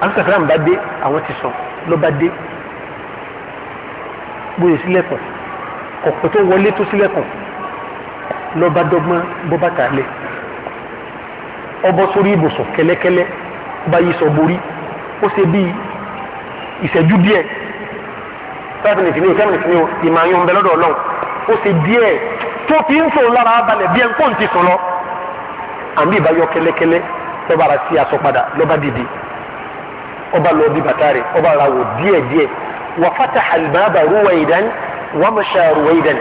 àrùn kọ̀ọ̀kan mọ̀ bá dé àwọn ti sùn ló bá dé gbòòrò sílẹ̀kùn kọ̀pẹ́ tó wọlé tó sílẹ̀kùn ló bá dọ́gbọ́n bó bá tà lẹ̀ ọbọ̀ sórí ibùsùn kẹ́lẹ́kẹ́lẹ́ bá yí sọ borí ó ṣe bí ìṣẹ́jú díẹ̀ five minutes ní o ten minutes ní o ìmọ̀ àyùn bẹ́lọ́dọ̀ ọlọ́run ó ṣe díẹ̀ tó fi ń sòun lára balẹ̀ bí ẹ̀ ń kó ń ti sùn lọ àmì ìbáyọ kẹlẹkẹlẹ lọba ara sí aṣọ padà lọba dìde ọba lọ bí bàtà rẹ ọba ara wò díẹ̀ díẹ̀ wà fata alibaba ruwa idan wà mọṣà ruwa idan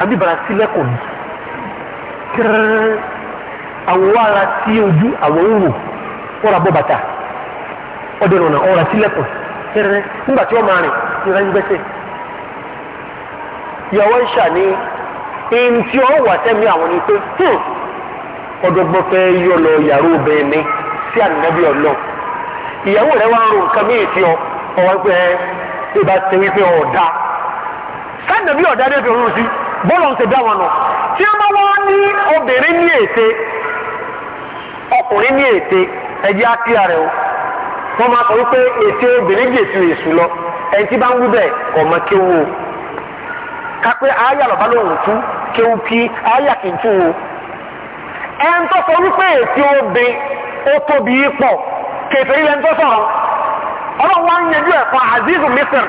àmì ìbára sílẹ̀kùn kírrrr àwọn ara sí ojú àwọn òwò ọ̀rọ̀ abọ́ bàtà ọdẹ nọ̀nà ọ̀rọ̀ sílẹ̀kùn kírrrr nígbà tí wọ́n máa rìn ìrẹ́ ń gbẹ́sẹ̀ ìyàwó ìṣà ni èyí tí ó àwọn ni pé ọdọgbọ́n fẹ́ yọ lọ yàrá obìnrin mi sí ànábì ọlọ ìyàwó rẹ wá ń ro nǹkan míì tí ọ ọwọ́ pé ẹ ẹ bá ṣe wípé ọ̀dà sànàbí ọ̀dà dé fẹ́ràn sí bọ́ọ̀lù ń ṣe dá wọn nù tí wọ́n wá ní obìnrin ní ète ọkùnrin ní ète ẹ̀jẹ̀ á kíá o wọ́n máa sọ wípé ète obìnrin jì èsù èsù lọ ẹni tí bá ń wí bẹ́ẹ̀ ọmọ kéwu o kápẹ́ àáyà lọ́ba lóhùn tú kéwu kí àáyà kì í tú o. ẹn tó sọ wípé ètí obìn ó tóbi pọ̀ kèfèrí lẹ́n tó sọ̀rọ̀ ọlọ́run wá ń yẹjú ẹ̀ fún azizu misir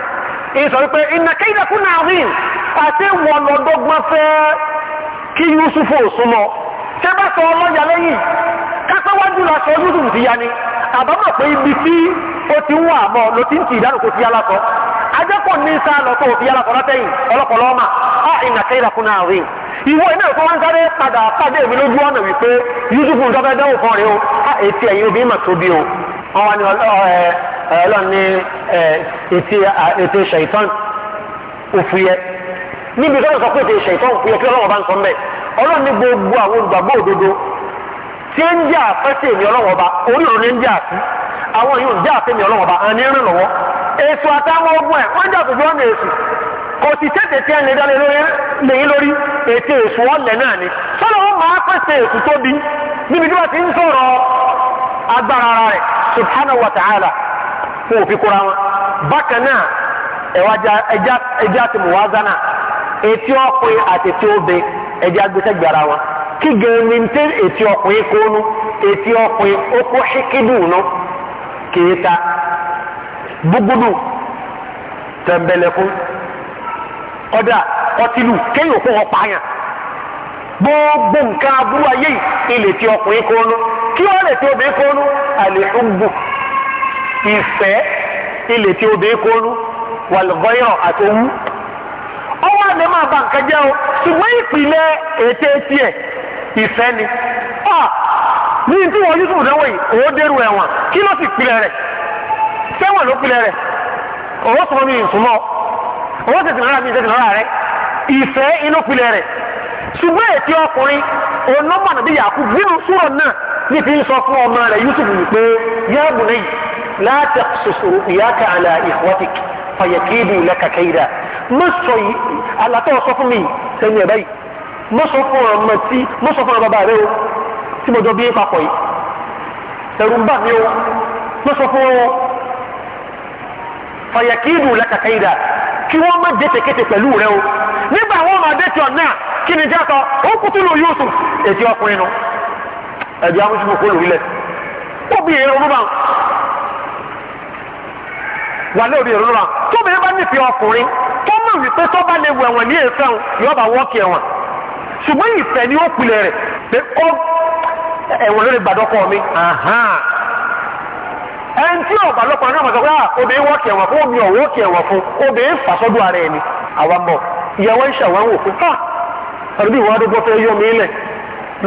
ìsọ wípé iná náà rìn àti wọn fẹ́ kí yusuf súnmọ́ ṣé bá sọ ọlọ́yà lẹ́yìn la sọ yusuf ti ya ni àbámọ̀ pé ibi tí ó ti ń wà mọ́ ló ti ń ti ajẹ́kọ̀ ní sáà lọ́tọ̀ òbí alákọ̀ọ́lá tẹ̀yìn ọlọ́kọ̀ọ́lọ́ ọmọ a ìnà kẹ́yìlá kún náà rí ìwọ iná ìfọwọ́ ń sáré padà pàdé mi lójú ọ̀nà wípé Yusuf ń dọ́fẹ́ dẹ́wò fún rẹ o a ètí ẹ̀yin obìnrin mà tóbi o wọn wá ní ọlọ́run ní ètè ṣèitán òfúyẹ níbi tó ń sọ pé ètè ṣèitán òfúyẹ kí ọlọ́wọ́ bá ń sọ mbẹ́ ọlọ́run ní gbogbo àwọn olùgbàgbọ́ òdodo tí ń jẹ́ àfẹ́ èso àtàwọn ogun ẹ̀ wọ́n jà tó jọ́ ọ̀nà èso kò sì tètè tí ẹni dálé lẹ́yìn lórí ètò èso ọ̀lẹ̀ náà ni sọ́dọ̀ wọn máa pèsè èso tóbi níbi tí wọ́n ti ń sọ̀rọ̀ agbára ara rẹ̀ subhanahu wa ta'ala fún òfin kura wọn bákan náà ẹja ti mú wáza náà etí ọkùnrin àti etí obe ẹja gbẹsẹgbẹ wọn kí gẹ̀ẹ́ni ní etí ọkùnrin kónú etí ọkùnrin ó kó ṣíkídùn náà kì í ta búgbúdù tẹ̀m̀bẹ̀lẹ̀kún ọ̀dà ọtílù kéèyàn kó wọn pààyàn gbogbo nǹkan aburú ayé ilé tí ọkùnrin kọ́nu kí wọ́n lè tí obìnrin kọ́nu àlèhùngbò ìfẹ́ ilé tí obìnrin kọ́nu wàlúgọ́yọ̀ àtòwú. ọwọ́ àdé máa ba nǹkan jẹ́ o ṣùgbọ́n ìpìlẹ̀ ètè tiẹ̀ ìfẹ́ ni. Ah, ní tí wọ́n yusuf náwó yìí òun dérú ẹ̀wọ̀n kí ló sì pilẹ̀ rẹ̀ sẹ́wọ̀n ló pilẹ̀ rẹ̀ owó sọmọ mi ìsúnmọ́ owó tètè náírà mi tètè náírà rẹ̀ ìfẹ́ inú pilẹ̀ rẹ̀ ṣùgbọ́n ètí ọkùnrin onọ́mọ̀ nàbí Yakub nínú súrọ̀ náà ní fi ń sọ fún ọmọ rẹ̀ Yusuf wípé yáàbù náà láti sòsòrò ìyáka àlà ìfọ́tìkì fàyẹ̀kéèdè lẹ́kàkẹ́ ìdá mo sọ yìí àlàtọ̀ sọ fún mi sẹ́yìn ẹ̀ báyìí mo sọ fún ọmọ tí mo sọ fún ọmọ bàbá rẹ o tí mo jọ bí papọ̀ yìí ẹ̀rù ń bà mí o mo sọ fún ọ fàyàkìdù lẹ́kàkẹ́yìdà kí wọ́n má dé tẹ̀kẹ́tẹ̀ pẹ̀lú rẹ o nígbà wọn máa dé tiọ̀ náà kí ni jẹ́ àtọ̀ ó kútú lò Yusuf èdè ọkùnrin nu ẹ̀dì amúsùnmù kó lórí lẹ̀ ó bí èrò ló bá ń wà lé òbí èrò ló bá ń tóbi bá nífẹ̀ẹ́ ọkùnrin tó mọ̀ wípé tó bá lè wẹ̀wọ̀n ní èèfẹ́ òun yóò bá wọ́ọ̀kì ẹ̀wọ̀n ṣùgbọ́n ìfẹ́ ni ó kulẹ̀ rẹ̀ pé kọ́ ẹ̀wọ̀n lórí gbàdọ́kọ̀ mi tí ọba lọ́pàá náà mọ̀sán pé à ah, obìnrin wọ́ọ̀kì ẹ̀wọ̀n fún obìnrin ọ̀wọ́ òkè ẹ̀wọ̀n fún obìnrin fàṣọ́dún ara ẹni àwa mọ̀ ìyàwó ń ṣàwọn wò fún fà ah! àbí ìwà àdúgbò fẹ́ yọ mí lẹ̀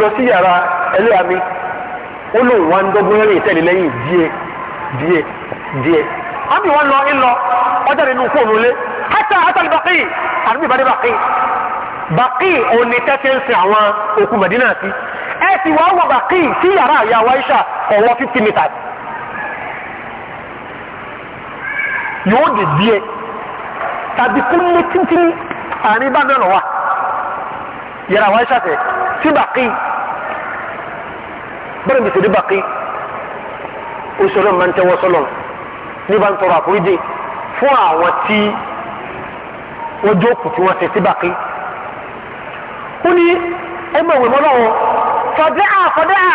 lọ sí yàrá ẹlẹ́yà mi ó lóun wá ń dọ́gbọ́n rìn tẹ̀lé lẹ́yìn díẹ̀ díẹ̀ díẹ̀ àbí wọn lọ ńlọ ọjà nínú kó lólé hátà hátàlí yóò dé díẹ̀ tàbí kó lé tíntìní àárín bá bẹ́ẹ̀ lọ wa yàrá wa ṣàfẹ́ sí bàkì bẹ́ẹ̀ bẹ̀sẹ̀ dé bàkì oṣooṣo máa ń tẹ́wọ́ sọ́lọ̀ ní bá ń tọrọ àforíjì fún àwọn tí wọ́n jókòó tí wọ́n ṣe sí bàkì ó ní ẹgbẹ́ òwe mọ́lọ́wọ́ fọdẹ́ à fọdẹ́ à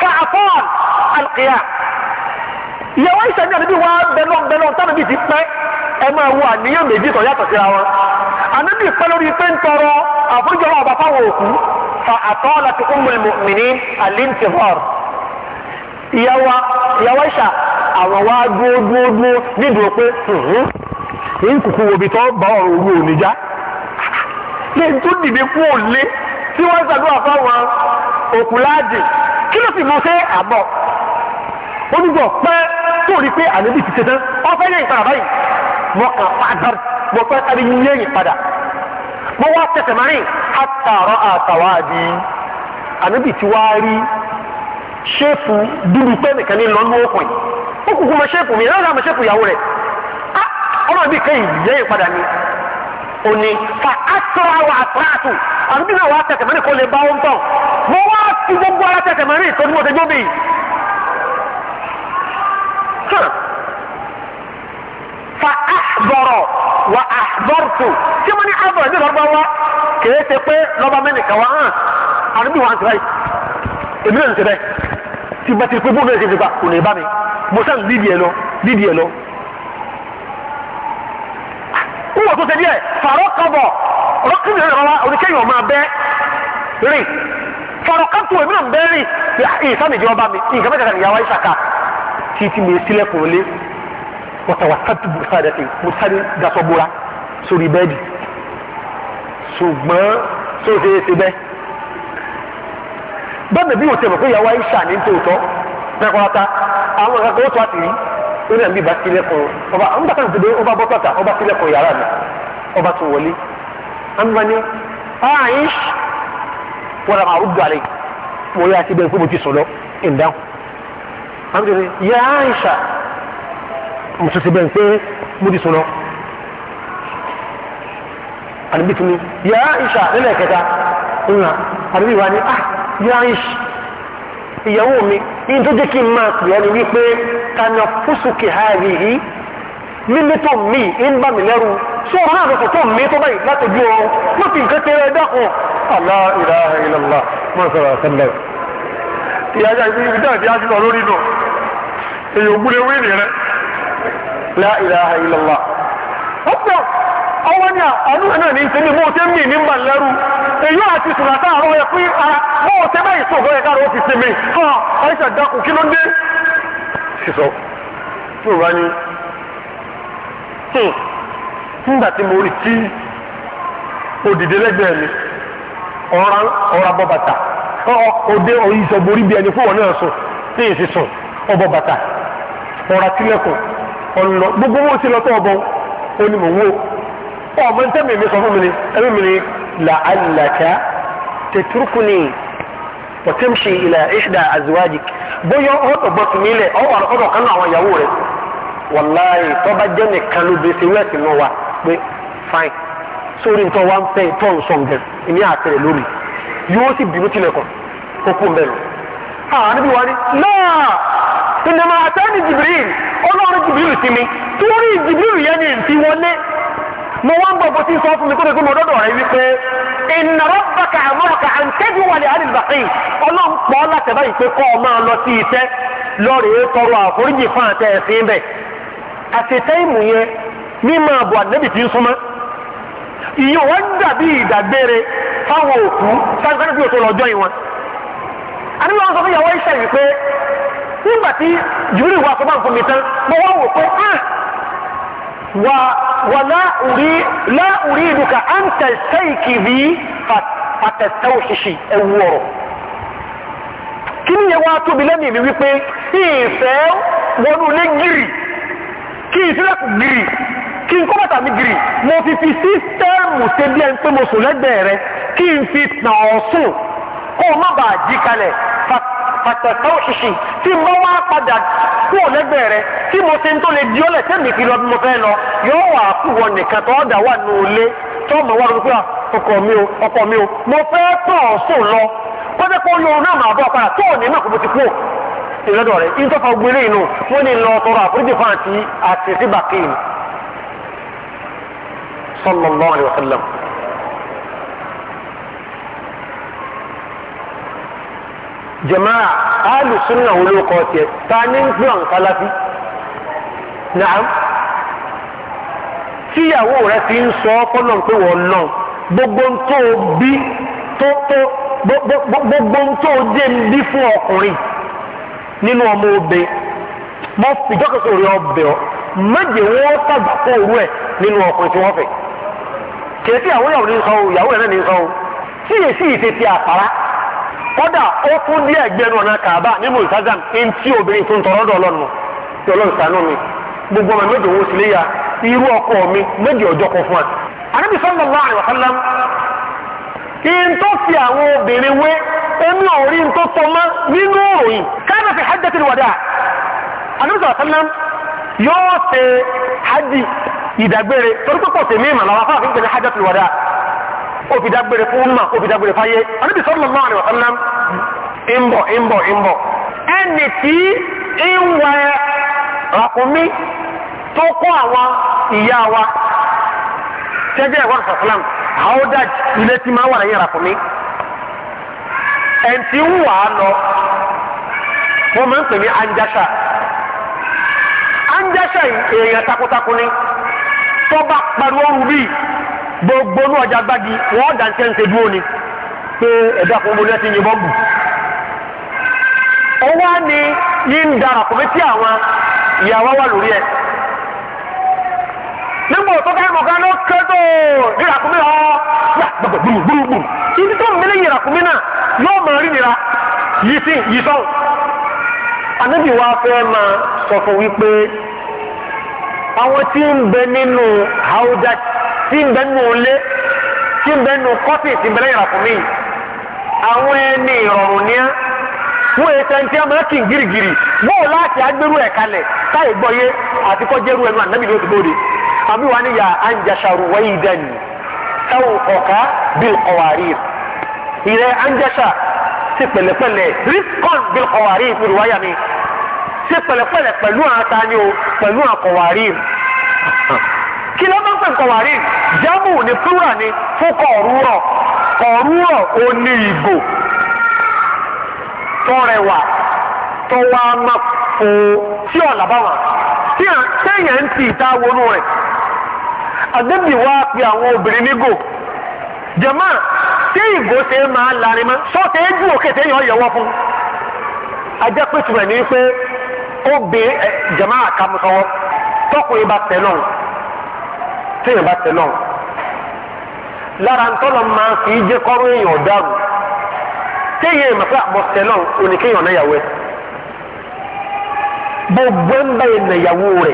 fa àfọ́ọ̀n alqiyam ìyàwó ìṣẹ́ni àdébí wa bẹ̀rù bẹ̀rù táwọn ibi ti pẹ́ ẹ máa wo àníyàn méjì tó yàtọ̀ síra wọn ànábì pẹ́ lórí pé ń tọrọ àforíjọ ọba fáwọn òkú fa àtọ́lá ti kún mọ̀lẹ́mọ̀ mi ní alintihor ìyàwó ìyàwó ìṣà àwọn wa dúó dúó dúó nídùú pé ń kùkù wo ibi tó bá ọ̀rọ̀ òru òní já lè tó dìde kú òlé tí wọ́n ṣàdúrà fáwọn òkú láàjì kí ló sì mú sí àbọ̀ onígbọ̀ pẹ́ẹ́ tó rí pé ànábì ti ṣetán ọfẹ́ lẹ́yìn padà báyìí mo kàn fàdà mo fẹ́ sáré lẹ́yìn padà mo wá tẹsẹ̀ máa rìn àtàrọ̀ àtàwádì ànábì ti wá rí ṣéèfù dúdú pé nìkan ní lọ́nú òkùn ó kúkú mọ ṣéèfù mi náà láàmú ṣéèfù ìyàwó rẹ̀ ọmọ bíi kẹ́yìn lẹ́yìn padà ni òní fa àtàrà wà àtàràtù ànábì náà wá tẹsẹ̀ máa kó lè bá ó ń tàn wá ti gbogbo ara tẹsẹ̀ tó ní mo hàn fa àbọ̀rọ̀ wà àbọ̀rọ̀tò tí wọ́n ní àbọ̀rọ̀ ní lọ́gbà wa kìí ṣe pé lọ́ba mi nìkan wá hàn àdúgbò wa ń sẹ́yìn èmi náà ń sẹ́yìn tí bá ti pé bóun náà ṣe ti gbà kò ní bá mi mo sàn lídìí ẹ lọ lídìí ẹ lọ. kúwò tó ṣe díẹ̀ fàrọ̀ kọ̀bọ̀ rọ́kìnì rẹ̀ wá oníkẹ́yìn ọ̀ma bẹ́ẹ̀ rìn fàrọ̀ kàtó èmi náà ń rìn ìsàmìjì ọba mi nǹkan mẹ́ta ni ìyàwó ayé ṣàkà títí mi sílẹ̀kùn lé wọ́tawàtàtù bùsàdẹ̀tì mo sáré gasọ́búra sórí bẹ́ẹ̀dì ṣùgbọ́n tó ṣe é ṣe bẹ́ẹ̀. bẹ́ẹ̀ bí òtẹ̀ mọ̀ pé ìyàwó Aisha ní tòótọ́ pẹ́kọ́láta àwọn ọ̀gá tó tó àtìrí ó ní àmì ìbá sílẹ̀kùn ọba àwọn bàtà ìdílé ọba bọ́ pàtà ọba sílẹ̀kùn yàrá mi ọba tó wọlé. àmì ní Aish wọ́n ra màrúdù àlẹ́ mo yá àti bẹ́ẹ̀ pé mo ti sùn lọ ìdáhùn àmì yà Àìṣà mùsùlùmí bẹ́ẹ̀ pé mo ti sùn lọ àdìbí tún ní yà Àìṣà nílẹ̀ kẹta ńlá àdìbí wa ni ah yà Àìṣà ìyàwó mi ní tó jẹ́ kí n máa pè ọ́ ni wípé tànà fúsùkì ha rí i nílé tó mi ń bà mí lẹ́rù ṣé ọ̀rọ̀ náà lọ́sọ̀ tó mi tó báyìí látọ̀jú ọ má fi nǹkan tẹ́lẹ̀ dákun. Allah ilaha illallah ìyájà ibi tí àti àti lọ lórí nù èyí ò gbúdé wíìnì rẹ la ilaha illallah. ọwọ́ ni àánú ẹ̀ náà ní sẹ́ni mo ti mì ní èyí àti sùràtà ẹ̀ pé a mo ti bẹ́ẹ̀ sọ̀gọ́ ẹ̀ káàró ti sinmi hàn dákun kí ló dé. sísọ tí o bá ní nígbà tí mo rí òde oyin sọ borí bí ẹni fún wọn náà sùn tí èyí sì sùn ọbọ bàtà ọ̀rá tilẹ̀kùn ọ̀nà gbogbo owó sí lọ́tọ̀ ọbọ onímọ̀wó ọmọ ní tẹ́mi mi sọ fún mi ni ẹ̀mí mi ni làálàkà tẹ̀tùrùkùnì wọ̀tẹ́mṣì ìlà ìṣdà àzíwájì bóyá ọ̀tọ̀ gbọ́ tùmí lẹ̀ ọ̀rọ̀ kan náà àwọn ìyàwó rẹ̀ wàláyé yóò sì bínú tilẹ̀kùn kó kú mbẹ́ lọ. àánú bí wà ní náà ìnàmà àtẹ́ni Jibril ọlọ́run Jibril sí mi torí Jibril yẹn ni ntí wọlé mo wá ń bọ̀ bó ti sọ fún mi kó dèkó mo dọ́dọ̀ rẹ wípé inna rabbaka amaraka an tajwa li ahli al-bahi ọlọ́run pọ̀ láti báyìí pé kọ́ ọ máa lọ sí iṣẹ́ lọ́ọ̀rẹ́ tọrọ àforíjì fún àtẹ ẹ̀sìn bẹ́ẹ̀ àtẹ̀tẹ̀ ìmù yẹn mímọ àbọ̀ àdébìtì ń súnmọ́ ìyẹn wọ́n dàbí ìdàgbére fáwọn òkú sáfẹ́fẹ́ bí òtò lọ́jọ́ yìí wọn. àníbi wọn sọ fún ìyàwó iṣẹ́ yìí pé nígbà tí jùlọ ìwà àkọ́bá nǹkan mi tán mo wá wò pé ah! wà wà láwùrí ìdùkà à ń tẹ̀sẹ̀ ìkìbí fàtẹ̀sẹ̀ òṣìṣì ẹ̀wù ọ̀rọ̀. kí ni ìyẹn wá tóbi lẹ́mìí mi wípé ìfẹ́ wọnú ilé gírì kí ìfẹ́ kù gírì kí n kọ́ bàtà mi gírì mo fi fi sísítẹ́ẹ̀mù ṣe bí ẹni pé mo sùn lẹ́gbẹ̀ẹ́ rẹ kí n fi tàn ọ́ sùn kó o má bàa jí kalẹ̀ fàtẹ̀tẹ̀ òṣìṣì tí mo wá padà kú ò lẹ́gbẹ̀ẹ́ rẹ tí mo ṣe ń tó lè di ọ́lẹ̀ tẹ́mi kí lọ bí mo fẹ́ lọ yóò wà kú wọn nìkan tó ọ̀dà wà nù ulé tó ọmọ wa lórí pé ah, ọkọ mi o ọkọ mi o mo fẹ́ tàn ọ́ sùn lọ kọ́jẹ́ pé olóorun náà máa bọ́ padà tó ò ní mọ̀ kó mo ti kú ò ìrẹ́dọ̀ rẹ̀ ìjọba ògbélé inú wọ́n ní lọ tọrọ àforíjì fáǹtì àti síbàkì ni. صلى الله عليه وسلم جماعة alu sunna wo ló kọ tiẹ ta ni ń gbé ànkálàfi naam tíyàwó rẹ fi ń sọ fọlọ pé wọn nà gbogbo ń tó bí tó tó gbogbo ń tó dé bí fún ọkùnrin nínú ọmọ obe mọ fìjọkẹsọ rẹ ọbẹ ọ méje wọn sábà kó òru ẹ nínú ọkùnrin tí wọn fẹ́ kèétí àwọn ìyàwó ní sọ o ìyàwó rẹ̀ náà ní sọ o tí yìí sì ṣe ti àpárá kódà ó kún díẹ̀ gbẹnu ọ̀nà kàbá ní mùsàzàm ntí obìnrin tó ń tọrọ dọ̀ ọlọ́nu tí ọlọ́run sànú mi gbogbo ọmọ méjì wo sílé ya irú ọkọ mi méjì ọjọ́ kan fún wa. anábì sallallahu alaihi wasallam kí n tó fi àwọn obìnrin wé èmi ò n tó tọ́ mọ́ nínú òròyìn káyọ̀ fi hajj ìdágbére torí pé pọ̀sẹ̀ mímọ̀ làwọn afáà fi ń gbẹ̀lẹ̀ hajjatul wada ó fi dágbére fún ọmọ ó fi dágbére fáyé Ànábì sallallahu alaihi wasallam ń bọ̀ ń bọ̀ ń bọ̀ ẹni tí ń wẹ ràkúnmí tó kọ́ àwọn ìyá wa tẹ́jẹ́ ẹ̀wọ́n sọ̀sọ́lám àódà ilé tí máa wà lẹ́yìn ràkúnmí ẹni tí ń wà á lọ wọ́n máa ń pè ní anjasha anjasha èèyàn takuntakun ni. tọ́ba pẹ̀lú ọrùn bíi gbogbo ní ọjà gbági wọ́n dà ń tẹ́ ń ni pé ẹ̀dá fún gbogbo ẹ̀sìn yìnbọn bù. ó wá ní ní ń dara kò fi tí àwọn ìyàwó wà lórí ẹ̀. nígbà tó mọ̀ gánà kẹ́tọ̀ ìràkúnmí ọ̀ yà gbàgbọ́ ibi tó ń ìràkúnmí náà yóò mọ̀ àwọn tí ń bẹ nínú àwùjá tí ń bẹ nínú ilé tí ń bẹ nínú kọ́tì tí ń bẹ lẹ́yìn àkùnmí àwọn ẹni ìrọ̀rùn ní á fún ẹsẹ̀ntì amúnákì gírígírí bóò láti agbérú ẹ̀ kalẹ̀ táì gbọ́yé àti kọ́jẹ́rú ẹnu ànábì ló ti bóde àbí wàá níyà anjasaru wáyé dání táwọn ọ̀ká bíl kọ̀wárí ìrẹ́ anjasa ti pẹ̀lẹ́pẹ̀lẹ́ rìskọ́n bíl kọ̀wárí ìpìlú wáyà mi ṣe pẹ̀lẹ́pẹ̀lẹ́ pẹ̀lú àtàní o pẹ̀lú àkọ̀wárí kí ló máa ń pè nkọ̀wárí jámù ní plúra ni fún kọ̀ọ̀rúrọ̀ kọ̀ọ̀rúrọ̀ ó ní ìgò tọrẹwà tọwọ́ ama fo tí ọ̀là bá wà tí à sẹ́yìn ń tì tá a wọnú rẹ̀ àdébì wá pe àwọn obìnrin nígò jẹ̀mọ́ tí ìgò ṣe máa larin mọ́ sọ́ọ̀tì éjú òkè tẹ́yìn ọ̀yẹ̀wọ́ fún ajẹ́pẹ̀tùmẹ̀ ní pé obe ẹ jamaa kam sọwọ tọkùn yìí bá tẹ lọ tíyẹn bá tẹ lọ lára ntọ́lọ̀ máa fi jẹ́ kọ́rọ́ èèyàn dàrú tíyẹn màfẹ́ àbọ̀ tẹ lọ oníkéèyàn náà yàwó ẹ gbogbo ń bẹ́ẹ̀ nà yàwó rẹ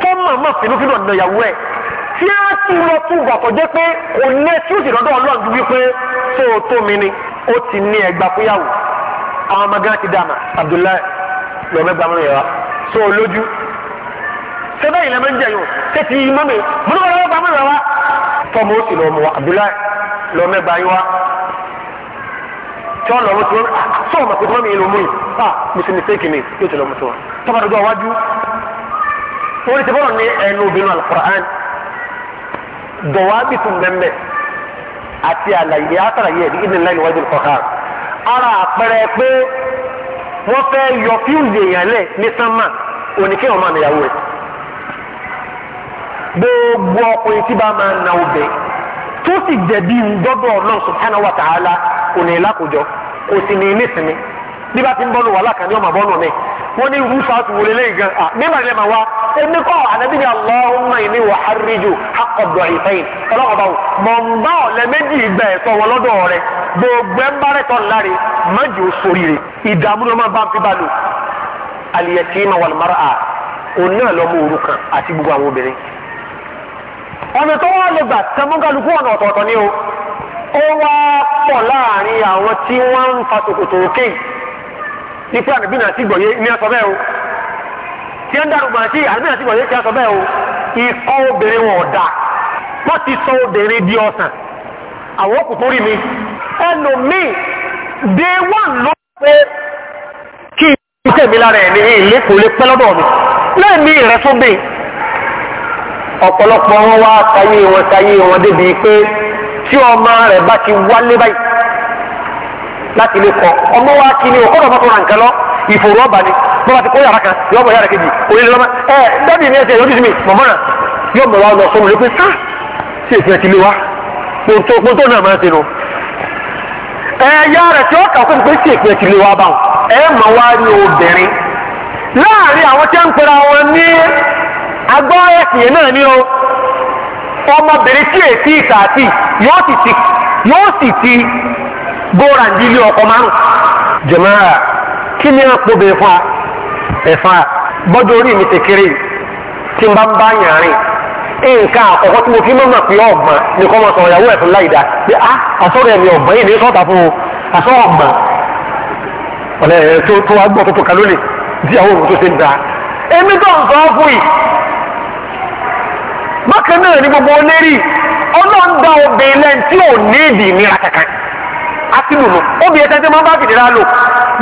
fọ́ọ̀mù àmọ́ fìlúfìlú ọ̀nà yàwó ẹ tí a ti lọ túbọ̀ tó jẹ́ pé kò ní ẹ tí ó sì lọ́dọ̀ ọlọ́run dúdú pé tó o tó mi ni ó ti ní ẹgbàá fúyàwó àwọn ọmọ gan ti dàmà Abdullahi lọ́ọ́ mẹ́gbàá mọ́ yẹra so lójú sẹ́bẹ̀ yìí lẹ́mẹ̀ ń jẹ̀yọ̀ tẹ̀sí mọ́mẹ́ múlùmọ́ lọ́wọ́ bá mọ́mẹ́ wa fọmọ ó sì lọ́ọ́ mọ́ wa Abdullahi lọ́ọ́ mẹ́gbàá yìí wa tí wọ́n lọ́ọ́ mọ́ tí wọ́n sọ ọmọ pé tí wọ́n mi lò mú yìí ah mùsùlùmí sẹ́kì mi yóò ti lọ́ọ́ mọ́ tí tọ́ba dọ́dọ́ wájú wọ́n ti bọ́lọ̀ ní ẹnu obìnrin alukur'an dọ̀wábì tún bẹ́ẹ̀ àti àlàyé àtàlàyé ẹ̀ ara àpẹẹrẹ pé wọ́n fẹ́ yọ fíùzì èèyàn lẹ̀ ní sánmà oníkẹ́ ọmọ àmìyàwó rẹ̀ gbogbo ọkùnrin tí bá máa na obẹ̀ tó sì jẹ̀bi ń dọ́dọ̀ ọlọ́run subhanahu wa kò ní kò sì ní bí bá ti ń bọ́nu wàhálà kan ní ọmọ bọ́nu mi wọ́n ní irú sáà tó wọlé lẹ́yìn gan ah bí màdìlẹ́ máa wá èmi kọ́ ànábì ní aláhùnmá yìí ní wà á ríjò akọ̀dọ̀ ìfẹ́yìn ọlọ́kọ̀ọ́ba wò mọ̀ ń bá ọ̀lẹ́ méjì ìgbà ẹ̀tọ́ wọn lọ́dọ̀ rẹ gbogbo ẹ̀ ń bá rẹ̀tọ̀ láre májì ó soríire ìdààmú ló máa bá fi bá lò aliyatima walimara a òun náà lọ́mọ òrukàn àti gbogbo àwọn obìnrin ọ̀nà tó wà lè gbà tẹmọ́gàlùkù ọ̀nà ọ̀tọ̀ọ̀tọ̀ ni o ó wá pọ̀ láàrin àwọn tí wọ́n ń fa tòkòtò òkè ipe ànábì náà ti gbọ̀yé ní ẹsọ bẹ́ẹ̀ o tí ẹ ń darúgbọ̀n àti ànábì náà ti gbọ̀yé ti ẹsọ bẹ́ẹ̀ o ikọ́ obìnrin wọn ọ̀dà wọ́n ti sọ obìnrin di ọ̀sán àwọn òkú fún rí mi ẹlòmíì dé wà ló pé kí iṣẹ́ mi lára ẹ̀ ní ilé kò lè pẹ́ lọ́dọ̀ mi lẹ́ẹ̀mí rẹ tó bè ọ̀pọ̀lọpọ̀ wọn wá sáyé wọn sáyé wọn débi pé tí ọmọ rẹ̀ bá ti wálé báyìí láti ilé kọ ọmọ wa kí ni o kọ́ lọ́mọ tó ra nǹkan lọ ìfòrò ọba ni bó bá ti kó yàrá kan yọ ọmọ yàrá kejì òye lọ́mọ ẹ dábì mi ẹsẹ̀ yóò dùn mí mọ̀mọ́ náà yóò mọ̀ wá lọ sọ́mu lé pé sá sí èsì ẹ̀ ti lé wa kótó kótó náà máa ń ṣe nu. ẹ yára tí ó kà fún pé sí èsì ẹ̀ ti lé wa báwọn ẹ mà wá ní obìnrin láàrin àwọn tí ń pera wọn ní agbọ́ ẹ̀sìn yẹn náà ní bóra ndílé ọkọ márùn jẹmọ́ra kí ni àpò bẹ́ẹ̀ fa ẹ̀fà bọ́jú orí mi ti kéré tí n bá ń bá yàn rìn nǹkan àkọ́kọ́ tí mo fi mọ́mọ́ pé ọ̀gbọ́n ni kọ́ mọ́ sọ ìyàwó ẹ̀fún láìda pé á ah, àsọ̀rọ̀ ẹ̀mí ọ̀gbọ́n yìí ní sọ́ọ̀tà fún o àsọ̀rọ̀ ọ̀gbọ́n ọ̀lẹ́ ẹ̀ tó tó agbọ́ tó tó kan lónìí tí àwọn òun tó ṣe ń da èmi tó ń sọ fún yìí bákan náà ni gbogbo onérì ọlọ́ọ̀dá obìnrin lẹ́ni tí ò ní ìdí ìnira kankan akínùnú obì ẹsẹ̀ tí wọ́n bá fìdíra lò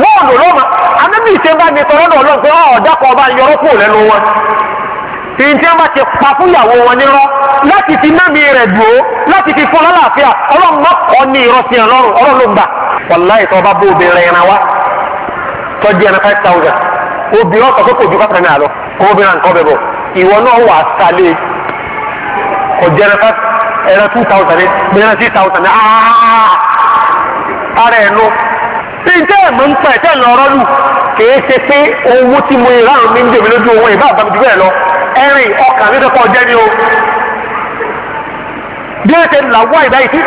bọ́ọ̀lù lọ́mọ anábì ṣe bá mi tọrọ náà lọ́gbẹ́ ọ̀ọ́dà kan ọba yọrọ kúrò lẹ́nu wọn tí n tí wọ́n bá ti pa fúnyàwó wọn nírọ́ láti fi námi rẹ̀ dùn ó láti fi fún lálàáfíà ọlọ́run náà kọ́ ní irọ́ sí ẹ lọ́rùn ọlọ́run ló ń gbà wàláyé tó bá bó obìnrin ẹran wa tọ́jú ẹran five thousand obìnrin ọ̀sán tó kò ju kọ́tà náà lọ kó obìnrin àǹkọ́ bẹ̀ bọ̀ ìwọ náà wà sálé kọjá ẹran five ẹran two thousand ẹran six thousand aaa ara ẹ̀ nu ǹjẹ́ ẹ̀mọ́ ń pa ẹ̀tẹ́ ń lọ ọ̀rọ̀ lù kìí ṣe pé owó tí mo rà mí ń dèmi lójú owó ìbá àbámi dúpẹ́ lọ ẹ̀rìn ọkàn mi kọ́kọ́ jẹ́ ni o bí ẹ ṣe là wá ìdá yìí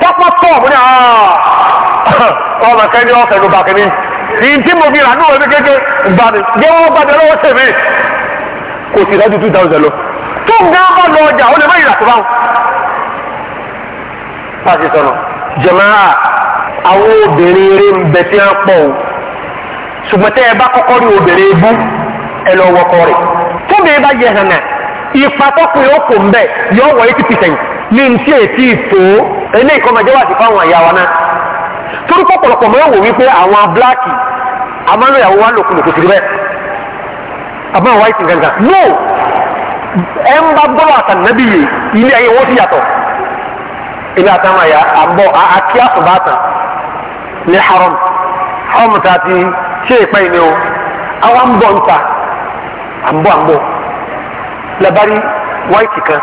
tọ́pọ̀ tọ́ mo ní ah, ọmọ kẹ́ni ọ̀fẹ́ ló bá kẹ́ni ìyìn tí mo fi rà ní òwe kékeré gbà mí bí wọ́n gbà mí lọ́wọ́ sèmi kò sì rẹ́ ju two thousand tó ń gbà bá lọ ọjà ó lè má yìí rà jẹ̀máà àwọn obìnrin eré ń bẹ tí wọ́n pọ̀ o ṣùgbọ́n tẹ́ ẹ bá kọ́kọ́ rí obìnrin ebú ẹ lọ wọkọ rẹ̀ tó bẹ́ẹ̀ bá yẹ hàn náà ipa tọkùnrin ó kò ń bẹ yọ wọ eighty percent ní ntí ètí ìtò eléyìí kọ́ máa jẹ́ wàásù fáwọn àyà wa náà torí pọ̀pọ̀lọpọ̀ mọ́ wò wípé àwọn abúláàkì amánúyàwó wa lòkulòkù sí bẹ́ẹ̀ àbọ̀n wáìtì gangan no ẹ ń bá bọ́lá àtànàbíyè ilé ayé wọ́n ti yàtọ̀ ibi àtàwọn àyà àbọ̀ àkí àsùbàtàn ní haram haram ta ti ṣe ìpẹ́ ìní o àwa ń bọ̀ nta à ń bọ̀ à ń bọ̀ labari wáìtì kan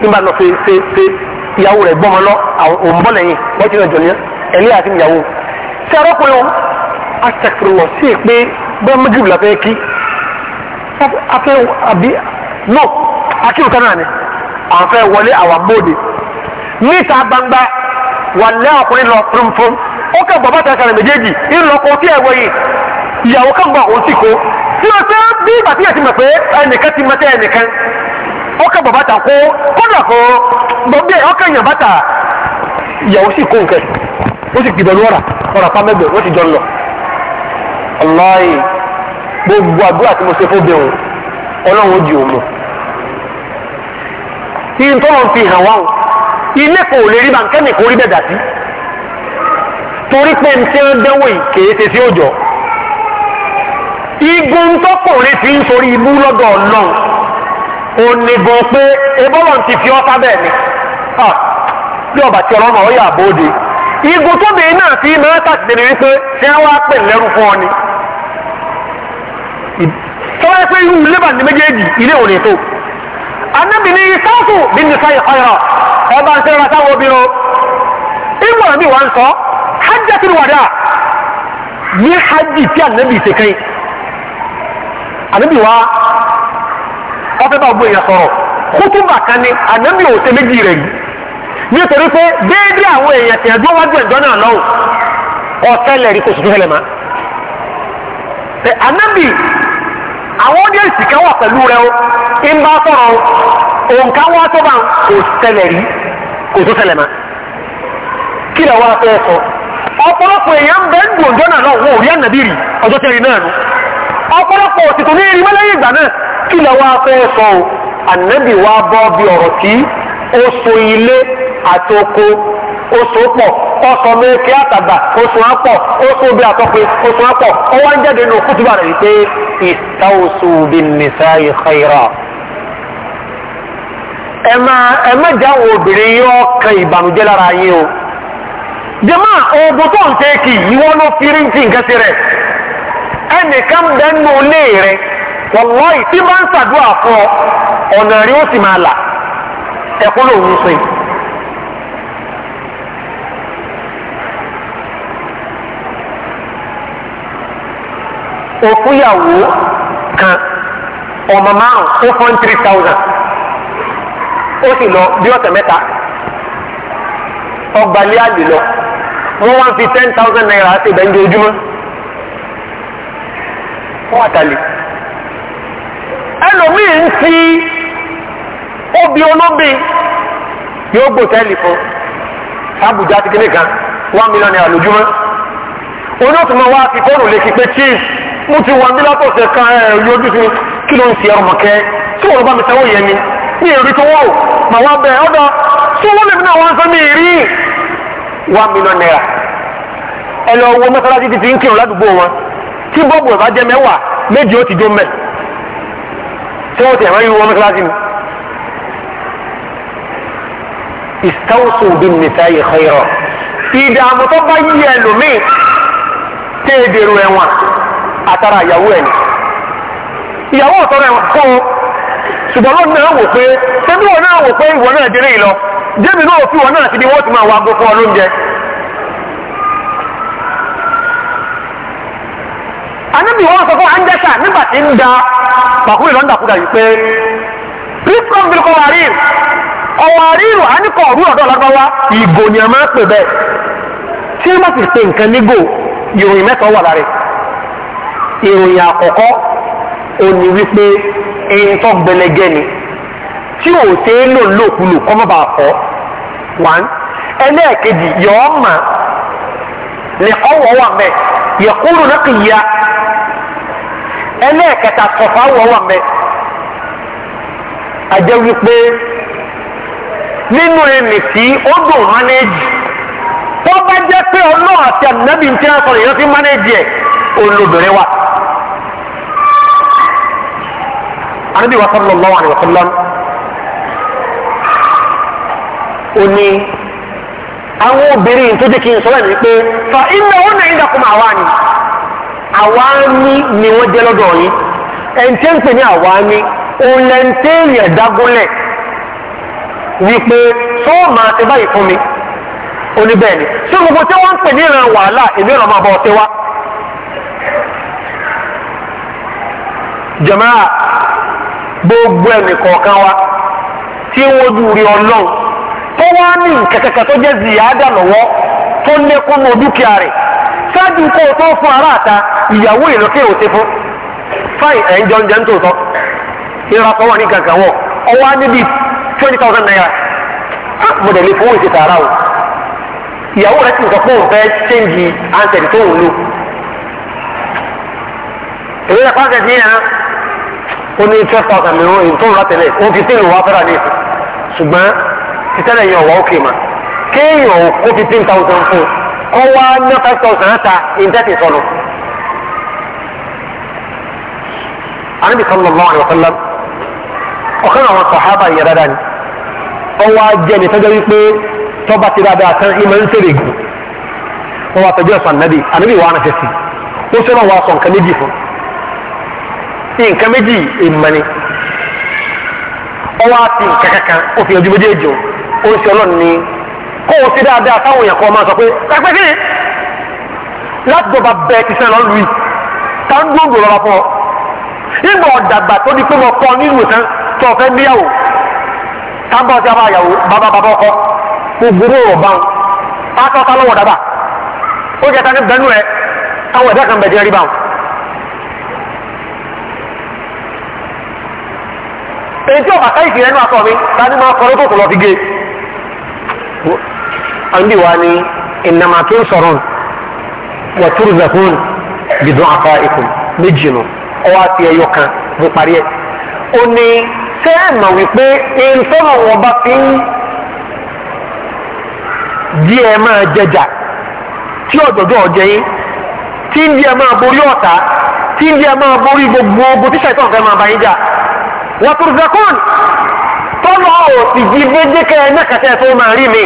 nígbà náà ṣe ṣe ṣe ìyàwó rẹ̀ gbọ́mọ lọ òun bọ́ lẹ́yìn wọ́n ti rìn jọ ní ẹ̀lẹ́ àti ìyàwó ṣé arákùnrin wọn asẹ̀kùrù wọ̀ sí pé bẹ́ẹ̀ méjì la fẹ́ kí afẹ́ àbí no akíwù kan ni à ń fẹ́ wọlé àwọn bóde níta gbangba wà lẹ́ ọkùnrin lọ fúnfún ó kẹ́ bọ̀ bàtà kàrẹ̀ méjèèjì ńlọkọ tí ẹ̀ wọ̀nyí ìyàwó kan gbọ́ òun sì kó tí o sẹ́ bí ìgbà tí yẹ ti mọ̀ pé ẹnìkan ti mọ̀tẹ́ ẹnìkan ó kẹ́ bọ̀ bàtà kó kódà kó gbọ̀ngbé ọkẹ́ yẹn bàtà ìyàwó sì kó nǹkan ó sì gbìbọn lọ́ra ọ̀rọ̀ apá mẹ́gbẹ̀ẹ́ wọ́n sì jọ lọ. ọláyé gbogbo àdúrà tí mo ṣe fún bẹ́ẹ̀ ọlọ́run ó di òun mọ̀ ilé kan ò lè rí bàǹkẹ́mì kò rí bẹ́ẹ̀ dà sí torí pé n tí wọ́n dánwò yìí kèé ṣe sí òjò igun tọkùnrin ti ń sorí ibú lọ́dọ̀ ọlọ́run onígun pé ebọ́lọ̀ ti fi ọ́ sábẹ́ mi ah, bí ọba tí ọlọ́run ọ̀yà àbóde igun tó bèè náà fi máa tàṣìṣe ni wípé ṣé wá pè lẹ́rù fún ọ ni tọ́lá pé irú lébà ní méjèèjì ilé òní tó anábìíní sáàtù bí nìsáyà ọ̀yà ọba ń sẹ́ra sáwọn obìnrin ìmọ̀ mi wà ń sọ hajjatul wada ní hajj tí ànábì ṣe kẹ́yìn ànábì wa ọfẹ́ bá gbóyè sọ̀rọ̀ kútùbà kan ní ànábì ò ṣe méjì rẹ̀ yìí nítorí pé déédéé àwọn èèyàn tẹ̀ ẹ̀dúró wájú ẹ̀dọ́ náà lọ́wọ́ ọ̀tẹ́lẹ̀ rí kò sì fẹ́lẹ̀ mọ́ ànábì àwọn audience kan wà pẹ̀lú rẹ o ń sọ̀rọ̀ o òǹkà wá tó bá ń kò tẹ̀lẹ̀ rí kò tó ṣẹlẹ̀ mọ́ kí lè wá fẹ́ sọ ọ̀pọ̀lọpọ̀ èèyàn bẹ́ẹ̀ ń dùn ọjọ́ náà lọ́wọ́ òrí ànàbí rí ọjọ́ tẹ́rin náà nù ọ̀pọ̀lọpọ̀ òsìkò ní erin mẹ́lẹ́yìn ìgbà náà kí lè wá fẹ́ sọ o ànàbí wa bọ́ bí ọ̀rọ̀ tí ó so ilé àti oko ó so pọ̀ ó sọ méèké àtàgbà ó so á pọ̀ ó so bí àtọ́pẹ́ ó so á pọ̀ ó wá ń jáde nínú kútùbà rẹ̀ wípé ìtàwọ̀sọ̀ bí nìsáyì khayra ẹ máa ẹ má jáwọ́ obìnrin yóò kan ìbànújẹ́ lára yín o jẹ́mọ́ oògùn tó ń tẹ́kì ìwọ ló fi rí ti nǹkan ti rẹ̀ ẹnìkan dẹnu ilé rẹ wọ̀lọ́ọ̀ì tí bá ń ṣàdúrà fún ọ ọ̀nà rí ó sì máa là ẹ̀kọ́ lòun sìn. òkúyàwó kan ọmọ márùn-ún ó fọ́n three thousand ó sì lọ bí ọ̀sẹ̀ mẹ́ta ọgbàlẹ́ àlè lọ wọ́n wá ń fi ten thousand naira ṣe ìbẹ́njẹ ojúmọ́ fún àtàlẹ́ ẹlòmíì ń fi obì olóbì yóò gbòtẹ́ẹ̀lì fún Abuja ti kíní kan one million naira lójúmọ́ onótùmọ̀ wá fi fóònù lè fi pé chief mo ti wà nílọ́tọ̀ọ̀sẹ̀ kan ẹ̀ẹ́dójútu kí ló ń fi ẹrù mọ̀kẹ́ tí wọ́n bá mi sanwó yẹn ni ní èrè tó wọ́ọ̀ mà wá bẹ̀ ọ́dọ̀ tí wọ́n lèmi náà wọ́n sọ mí rí one million naira ẹ lọ wo mọ́sálásí ti ti ń kírun ládùúgbò wọn tí bọ́ọ̀bù ẹ̀ bá jẹ mẹ́wàá méjì ó ti jó mẹ́ tí wọ́n ti ẹ̀rọ irú wọn mọ́sálásí mi. ìsáwùsù bí nìta yìí xeyọrọ ìdààmú tó bá yí ẹlòmíì tẹ́ ẹ̀wọ̀n àtàrà ìyàwó ẹ̀ ni ìyàwó ọ̀tọ́rọ̀ ẹ̀wọ̀n fún un ṣùgbọ́n lọ́nà náà wò pé ṣébí wọn náà wò pé ìwọ náà déré ìlọ jébì náà fi wọn náà ti di wọ́n ti máa wá gbó fún ọ lóúnjẹ. àníbi wọn sọ fún anjẹta nígbà tí ń da pàkúrì lọ́ndàkúdà yìí pé priscom bí kò wà rí ọwọ́ àríwò àníkọ̀ ọ̀rú ọ̀dọ́ lọ́gbọ́wá ìgò ni a máa ń pè bẹ́ẹ̀ tí wọ́n bá ti pè nǹkan nígò ìròyìn mẹ́ta wà lára ìròyìn àkọ́kọ́ òní wípé ẹyin tó gbẹlẹgẹ ni tí ò tẹ é lò lòkulò kọ́ mọ́ bá kọ́ one ẹlẹ́ẹ̀kejì yọ ọ́ mà ní ọwọ́ wà mẹ́ yẹ kúrò náà kì í ya ẹlẹ́ẹ̀kẹta tọ̀fà wọ̀ wà mẹ́ àjẹ́ wípé nínú ẹnì ó dùn mánéjì tó bá jẹ́ pé ọlọ́run àti ànábì ń fi mánéjì ẹ̀ òun wa. anabi wa sallallahu alayhi wa sallam ó ní àwọn obìnrin tó jẹ́ kí n sọ́wọ́ ní pé fa iná ó náà ń dàkún àwa ni àwa ni ni wọ́n jẹ́ lọ́dọ̀ yìí ẹ̀ǹtẹ́ ń pè ní àwa ni òun lẹ́ǹtẹ́ yẹ̀ dágúnlẹ̀ wípé tó máa ti báyìí fún mi oníbẹ̀ẹ̀ni ṣé gbogbo tí wọ́n ń pè ní ìran wàhálà èmi ọ̀rọ̀ máa bọ̀ ọ́ tiwa. jàmáà gbogbo ẹnìkọ̀ọ̀kan wa tí ń wojú rí ọlọ́run tó wá ní nkẹ̀kẹ̀kẹ̀ tó jẹ́ ziyada lọ́wọ́ tó lékún ní dúkìá rẹ̀ ṣáájú kó o tó fún aráàta ìyàwó ìlọ́kẹ́ ò ti fún fáì ẹ̀ ń jọ oúnjẹ ń tò sọ ìrora kan wà ní gàgàn wọ̀ ọwọ́ á níbi twenty thousand naira á ah, mo dẹ̀ lè fowó ìṣe tààrà o ìyàwó rẹ̀ sì sọ pé òun fẹ́ ṣéǹjì ansẹ̀dì tó ń lò èmi rẹ̀ pàṣẹ sí yẹn náà ó ní twelve thousand mìíràn èyí tó ń látẹ̀lẹ̀ ó fi tíì wá fẹ́ra ní ìsìn ṣùgbọ́n títẹ́lẹ̀ yẹn ọ̀wá òkè mà kéèyàn kó fifteen thousand fún kọ́ wá ná five thousand ẹ̀ta ìdẹ́tì sọnù. anabi sallallahu alayhi wa sallam ọ̀kan àwọn sọ̀hábà yẹn dáadáa ni ọwọ́ ajẹ́ ni tọ́jọ́ wípé tọ́ba ti dáadáa tán ìmọ̀ ń sèrè gùn wọ́n wá tọ́jú ẹ̀sán nàbì wà á nà sí ó sọ́nà wà sọ̀nkà méjì fún un nǹkan méjì ìmọ̀ni ọwọ́ àti nǹkan kankan ó fi ojú méjèèjì ó ń ṣe ọlọ́run ní kó o ṣe dáadáa táwọn èèyàn kan máa sọ pé pẹ́pẹ́ kí ni láti dọ̀ba bẹ́ẹ̀ ti sẹ́yìn lọ́lùú yìí tá ń gbòǹgbò lọ́ba fún ọ nígbà ọ̀dàgbà tó di pé mo kọ́ nílùú tán tó o fẹ́ níyàwó tábọ̀ tí a bá yàwó bàbá bàbá ọkọ gbogbo ọ̀bá wọn pátá ọ̀tá lọ́wọ́ dàbà ó jẹ́ ta ní bẹ́ẹ̀ nù rẹ̀ àwọn ẹ̀dá kan bẹ̀ èyí tí ọ̀bàká ìkì rẹ̀ nù akọ mi ta ni máa kọ́ lókòkò lọ fi gé. àǹdí wa ni ìnàmà tó ń sọ̀rọ̀ wà túrú zakun bìdún afa ikùn méjì nù ọwọ́ àti ẹyọ kan mo parí ẹ̀. ó ní ṣé ẹ mọ̀ wípé ìrìnsọ́nà wọn bá fi ń di ẹ máa jẹjà tí ọ̀dọ̀dọ̀ ọ̀jẹ̀ yín tí ń di ẹ máa borí ọ̀tá tí ń di ẹ máa borí gbogbo ogun tíṣà ìtọ́ wàtúrùsẹ̀kùn tọ́lọ́ òsì jí méjèké ẹ̀yìn kẹtẹ́ tó máa rí mi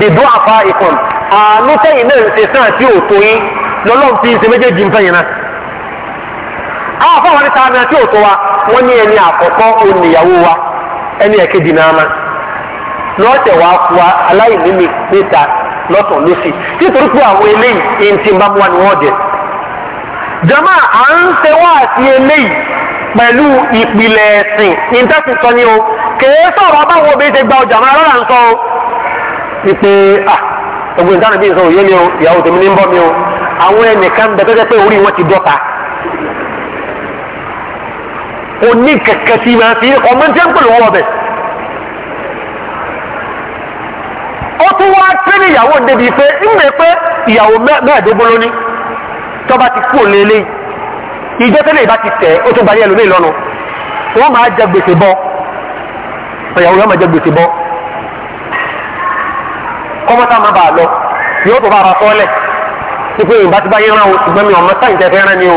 dìdú àfa ìkùn àánú tẹ̀yìn náà ń ṣe sáà tí ò tó yín lọ́lọ́ fi ń ṣe méjèèjì ń fẹ̀yìn náà. àwọn afọwọ́n ní sáà tí ò tó wa wọ́n ní ẹni àkọ́kọ́ oníyàwó wa ẹni ẹ̀kejì náà máa lọ́tẹ̀ wá fún wa aláìní mi níta lọ́tọ̀ lọ́sì nítorí pé àwọn eléyìí ẹni tí ń bá mú wa ni wọ́n jẹ. jama à ń ṣe àti eléyìí pẹ̀lú ìpìlẹ̀ ẹ̀sìn ìtẹ́sì sọ ni o kèé sọ̀rọ̀ báwo obìnrin ti gba ọjà máa rárá ń sọ o ìpè à gbogbo ìdáná bí n sọ òye mi o ìyàwó tèmi ní ń bọ́ mi o àwọn ẹnìkan bẹ tẹ́tẹ́ pé orí wọn ti dọ́ta oní kẹ̀kẹ́ tí máa fi ọmọ tí ń pèlú wọ́ọ̀bẹ̀ ó tún wá pé ní ìyàwó débi pé ń bẹ pé ìyàwó mẹ́ẹ̀ẹ́dógún lóní tọ́ba ti kú òlélẹ́yìí ìjọ tẹ́lẹ̀ ìbá ti tẹ̀ ó tó gba yẹlò míì lọ́nu wọ́n máa jẹ gbèsè bọ́ ọ̀yàwó yóò máa jẹ gbèsè bọ́ kọ́mọ́tà máa bà á lọ yóò tó bá ara fọ́lẹ̀ pípé ìbá ti bá yẹn rán o ṣùgbọ́n mi ọ̀mọ́ sáyìn tẹ̀ fẹ́ràn ni o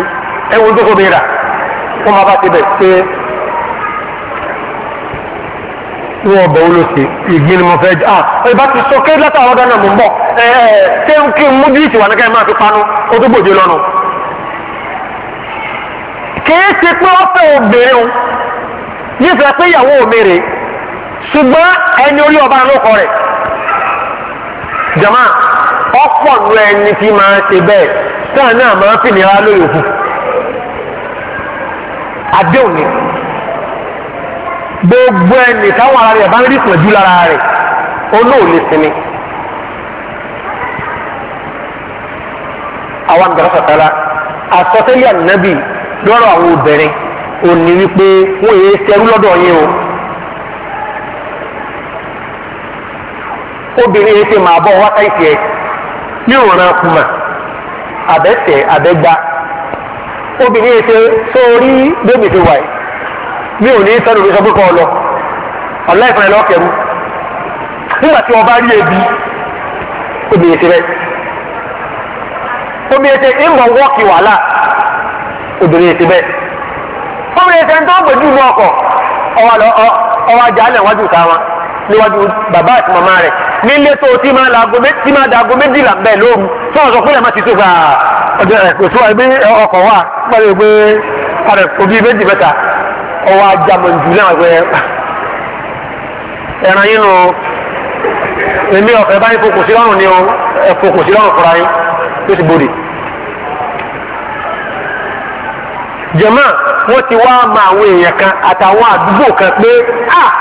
ẹ wo tó mi rà wọ́n máa bá ti bẹ̀ ṣe wọ́n ọbẹ̀ wo ló ṣe ìgbín ni mo fẹ́ jẹ́ ah ìbá ti sọ kí látàwọn dáná mò ń bọ̀ ẹ ẹ ṣé kí n mú bíìtì wà ní ká ẹ máa fi panu ó tó gbòde lọ́nu kìí ṣe pé wọ́n fẹ́ obìnrin o nífẹ̀ẹ́ pé ìyàwó òmèrè ṣùgbọ́n ẹni orí ọba lóko rẹ̀ jama ọ̀pọ̀ lu ẹni tí máa ṣe bẹ́ẹ̀ sáà náà máa fi nira lóye òkú àdéhùn ni gbogbo ẹni táwọn ara rẹ̀ bá ń rí pẹ̀jú lára rẹ̀ olóòlè sinmi. àwọn àgbàlagbà sọ̀tara àsọtẹ́lẹ̀ ànábì lọ́rọ̀ àwọn obìnrin ò ní wípé wọ́n yéé ṣẹrú lọ́dọ̀ yín o. obìnrin yìí ṣe máa bọ̀ wákàtí ẹ̀ ní òòrùn kùmà àbẹ̀tẹ̀ àbẹ̀gba obìnrin yìí ṣe sórí bébì ti wà yìí mi ò ní sọ́dọ̀ mi sọ pé kọ́ ọ lọ ọ̀láìfọ̀n ẹ̀ lọ́kẹ̀rú nígbà tí wọ́n bá rí ebi obìnrin ṣe bẹ́ẹ̀ obìnrin ṣe ń bọ̀ wọ́ọ̀kì wàhálà obìnrin ti bẹ́ẹ̀. obìnrin ti ń tó ń bójú inú ọkọ̀ ọwọ́ ajá lẹ̀ wájú ìta wọn níwájú bàbá àti màmá rẹ̀ nílé tó ti máa dàgó méjìlá bẹ́ẹ̀ lóru tí wọ́n sọ pé lẹ́ẹ̀ma ti tó gbà ọjọ́ rẹ̀ kò tó ẹgbẹ́ ọkọ̀ wà pẹ̀lú pé ọ̀rẹ́ òbí méjì mẹ́ta ọwọ́ ajá mọ̀ jù náà pé ẹran yín nù èmi ọ̀fẹ́ báyìí fòkùsí lọ́rùn ni ó fòkùsí lọ́rùn fúnra yín tó ti bòrè. jama wọn ti wá ma àwọn èèyàn kan àtàwọn àdúgbò kan pé a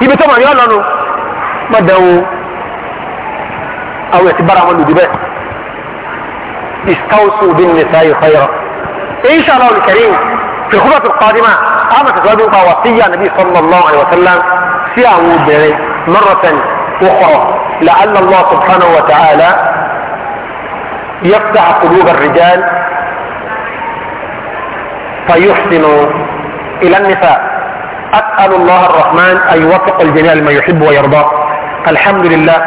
ibi tó màá yọ lọnu má dẹ o àwọn ẹtì bára wọn lòdì bẹ́ẹ̀ istawusu bin nisa'i khayra insha allah al-karim fi khutbah al-qadima ama tẹsíwájú nípa wasiya nabi sallallahu alayhi wa sallam sí àwọn obìnrin marratan ukhra la'alla allah subhanahu wa ta'ala yaftaha qulub ar فيحسن إلى النساء أسأل الله الرحمن أن يوفق الجميع لما يحب ويرضى الحمد لله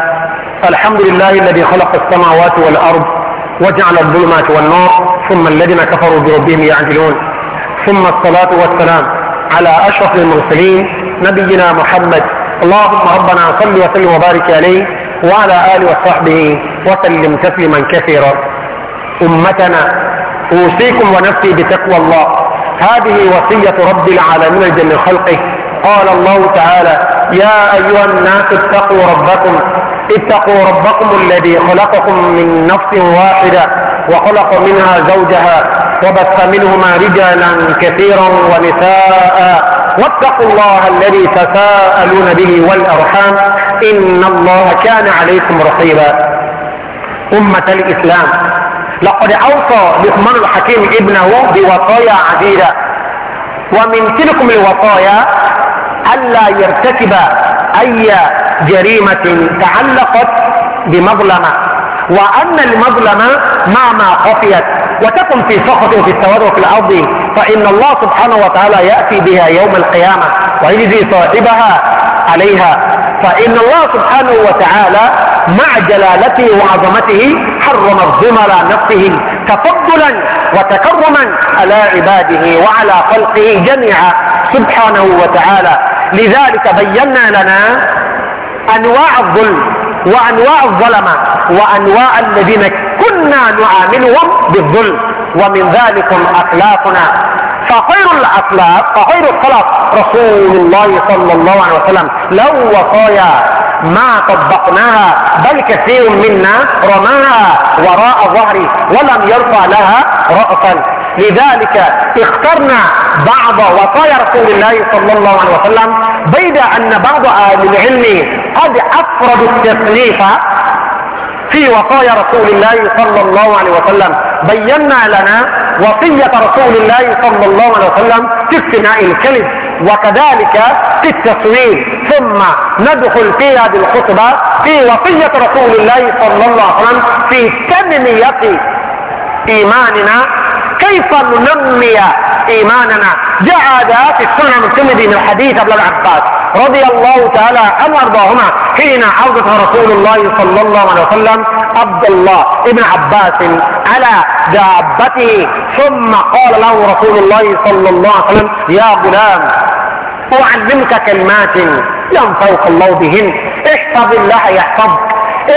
الحمد لله الذي خلق السماوات والأرض وجعل الظلمات والنور ثم الذين كفروا بربهم يعدلون ثم الصلاة والسلام على أشرف المرسلين نبينا محمد اللهم ربنا صل وسلم وبارك عليه وعلى آله وصحبه وسلم تسليما كثيرا أمتنا أوصيكم ونفسي بتقوى الله هذه وصية رب العالمين جل خلقه قال الله تعالى يا أيها الناس اتقوا ربكم اتقوا ربكم الذي خلقكم من نفس واحدة وخلق منها زوجها وبث منهما رجالا كثيرا ونساء واتقوا الله الذي تساءلون به والأرحام إن الله كان عليكم رقيبا أمة الإسلام لقد أوصى لقمان الحكيم ابنه بوصايا عديدة ومن تلكم الوصايا ألا يرتكب أي جريمة تعلقت بمظلمة وأن المظلمة مع ما خفيت وتكن في سخط وفي التوارع في الأرض فإن الله سبحانه وتعالى يأتي بها يوم القيامة ويجزي صاحبها عليها فإن الله سبحانه وتعالى مع جلالته وعظمته حرم الزمر نفسه تفضلا وتكرما على عباده وعلى خلقه جميعا سبحانه وتعالى لذلك بينا لنا انواع الظلم وانواع الظلمه وانواع الذين كنا نعاملهم بالظلم ومن ذلك اخلاقنا فخير الاخلاق فخير الخلق رسول الله صلى الله عليه وسلم له وصايا ما طبقناها بل كثير منا رماها وراء ظهري ولم يرفع لها رأسا لذلك اخترنا بعض وصايا رسول الله صلى الله عليه وسلم بيد ان بعض اهل العلم قد افردوا التسليف في وصايا رسول الله صلى الله عليه وسلم بينا لنا وصية رسول الله صلى الله عليه وسلم في اقتناء الكلب وكذلك في التصوير ثم ندخل في هذه الخطبة في وصية رسول الله صلى الله عليه وسلم في تنمية إيماننا كيف ننمي إيماننا جاء هذا في السنة الترمذي من حديث ابن العباس رضي الله تعالى عن أرضاهما حين عرضت رسول الله صلى الله عليه وسلم عبد الله ابن عباس على دابته ثم قال له رسول الله صلى الله عليه وسلم يا غلام أعلمك كلمات فوق الله بهن احفظ الله يحفظك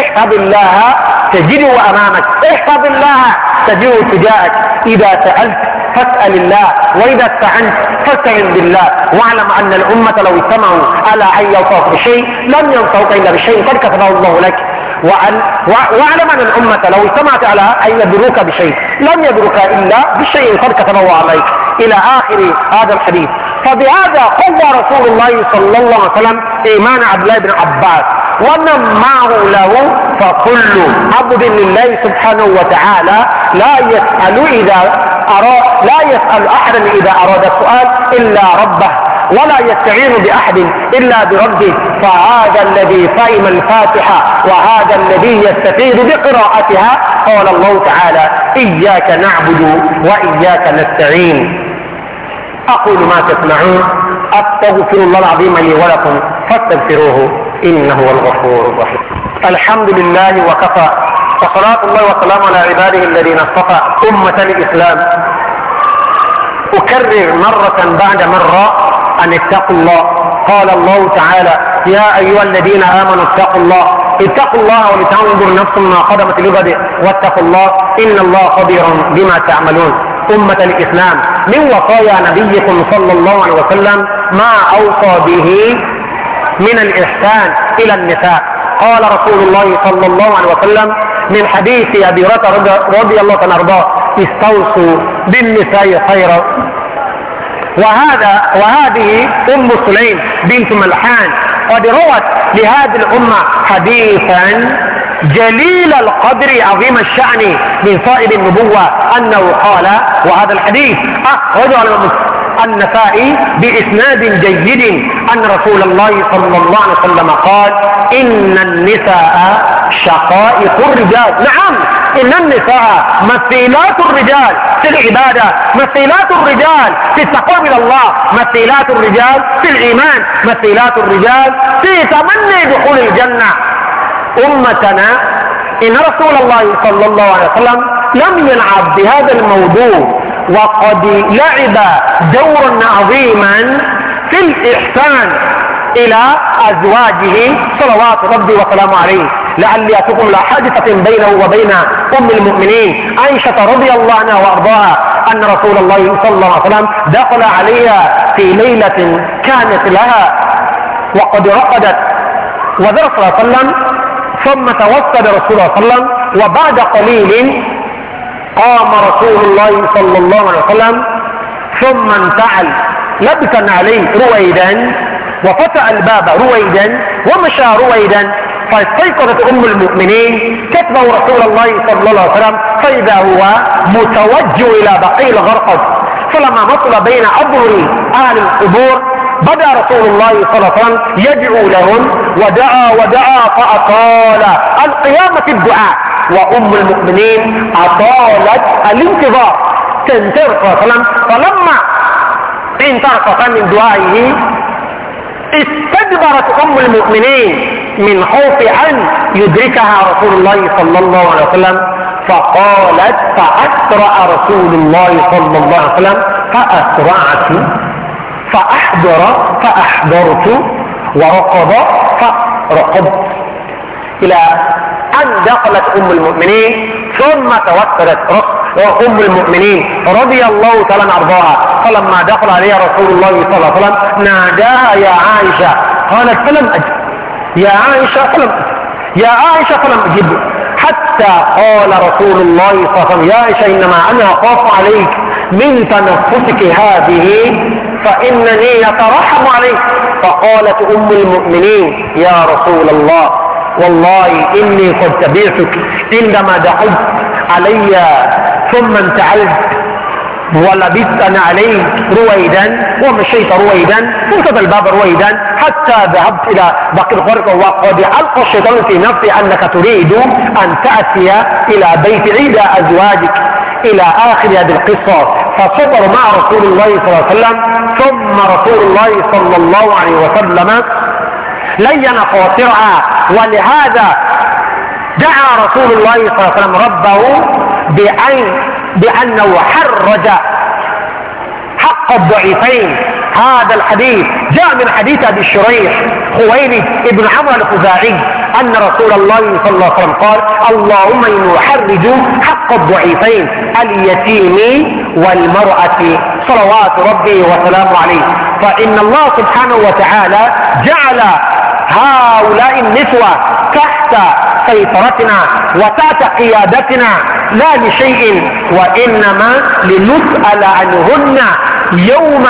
احفظ الله تجده أمامك احفظ الله تجده تجاهك إذا سألت فاسأل الله وإذا استعنت فاستعن بالله واعلم أن الأمة لو اجتمعوا على أن ينفوك بشيء لم ينفوك إلا بشيء قد كتبه الله لك وأن واعلم أن الأمة لو اجتمعت على أن يبروك بشيء لم يبروك إلا بشيء قد كتبه عليك إلى آخر هذا الحديث فبهذا قوى رسول الله صلى الله عليه وسلم ايمان عبد الله بن عباس ومن معه له فكل عبد لله سبحانه وتعالى لا يسأل اذا اراد لا يسأل احدا اذا اراد السؤال الا ربه ولا يستعين بأحد إلا بربه فهذا الذي فهم الفاتحة وهذا الذي يستفيد بقراءتها قال الله تعالى إياك نعبد وإياك نستعين أقول ما تسمعون أستغفر الله العظيم لي ولكم فاستغفروه إنه هو الغفور الرحيم الحمد لله وكفى وصلاة الله وسلامه على عباده الذين اصطفى أمة الإسلام أكرر مرة بعد مرة أن اتقوا الله قال الله تعالى يا أيها الذين آمنوا اتقوا الله اتقوا الله ولتنظر نفس ما قدمت لغد واتقوا الله إن الله خبير بما تعملون أمة الإسلام من وصايا نبيكم صلى الله عليه وسلم ما أوصى به من الإحسان إلى النساء قال رسول الله صلى الله عليه وسلم من حديث أبي هريرة رضي الله عنه أرضاه استوصوا بالنساء خيرا وهذا وهذه أم سليم بنت ملحان قد روت لهذه الأمة حديثا جليل القدر عظيم الشأن من صائب النبوة أنه قال وهذا الحديث أخرجه على النسائي بإسناد جيد أن رسول الله صلى الله عليه وسلم قال إن النساء شقائق الرجال نعم إن النساء مثيلات الرجال في العبادة مثيلات الرجال في التقوى إلى الله مثيلات الرجال في الإيمان مثيلات الرجال في تمني دخول الجنة أمتنا إن رسول الله صلى الله عليه وسلم لم يلعب بهذا الموضوع وقد لعب دورا عظيما في الإحسان إلى أزواجه صلوات ربي وسلامه عليه لعلي أتكم لا حادثة بينه وبين أم المؤمنين عائشة رضي الله عنها وأرضاها أن رسول الله صلى الله عليه وسلم دخل عليها في ليلة كانت لها وقد رقدت وذكر صلى الله عليه وسلم ثم توسد رسول الله صلى الله عليه وسلم وبعد قليل قام رسول الله صلى الله عليه وسلم ثم انفعل لبسا عليه رويدا وفتح الباب رويدا ومشى رويدا فاستيقظت ام المؤمنين كتبه رسول الله صلى الله عليه وسلم فاذا هو متوجه الى بقيل غرقد فلما مطل بين ابر اهل القبور بدا رسول الله صلى الله عليه وسلم يدعو لهم ودعا ودعا فاطال القيامه في الدعاء وام المؤمنين اطالت الانتظار تنتظر صلى الله عليه وسلم فلما انطلق من دعائه استدبرت ام المؤمنين من خوف ان يدركها رسول الله صلى الله عليه وسلم فقالت فاسرع رسول الله صلى الله عليه وسلم فاسرعت فأحضر فأحضرت ورقب فرقبت إلى أن دخلت أم المؤمنين ثم توكلت أم المؤمنين رضي الله تعالى أرضاها فلما دخل عليها رسول الله صلى الله عليه وسلم ناداها يا عائشة قالت فلم أجب يا عائشة فلم أجب يا عائشة فلم أجب حتى قال رسول الله صلى الله عليه وسلم يا عائشة إنما أنا أخاف عليك من تنفسك هذه فإنني يترحم عليك فقالت أم المؤمنين يا رسول الله والله إني قد تبعتك عندما دعوت علي ثم انتعلت ولبثت عليه رويدا ومشيت رويدا وانتهى الباب رويدا حتى ذهبت الى باقي الغرق وقد القى الشيطان في نفسي انك تريد ان تاتي الى بيت عيد ازواجك الى اخر هذه القصه فصبر مع رسول الله صلى الله عليه وسلم ثم رسول الله صلى الله عليه وسلم لين خواطرها ولهذا دعا رسول الله صلى الله عليه وسلم ربه بأن بأنه حرج حق الضعيفين هذا الحديث جاء من حديث أبي الشريح خويلد بن عمرو الخزاعي أن رسول الله صلى الله عليه وسلم قال اللهم إن يحرج حق الضعيفين اليتيم والمرأة صلوات ربي وسلامه عليه فإن الله سبحانه وتعالى جعل هؤلاء النسوة تحت سيطرتنا وتحت قيادتنا لا لشيء وإنما لنسأل عنهن يوم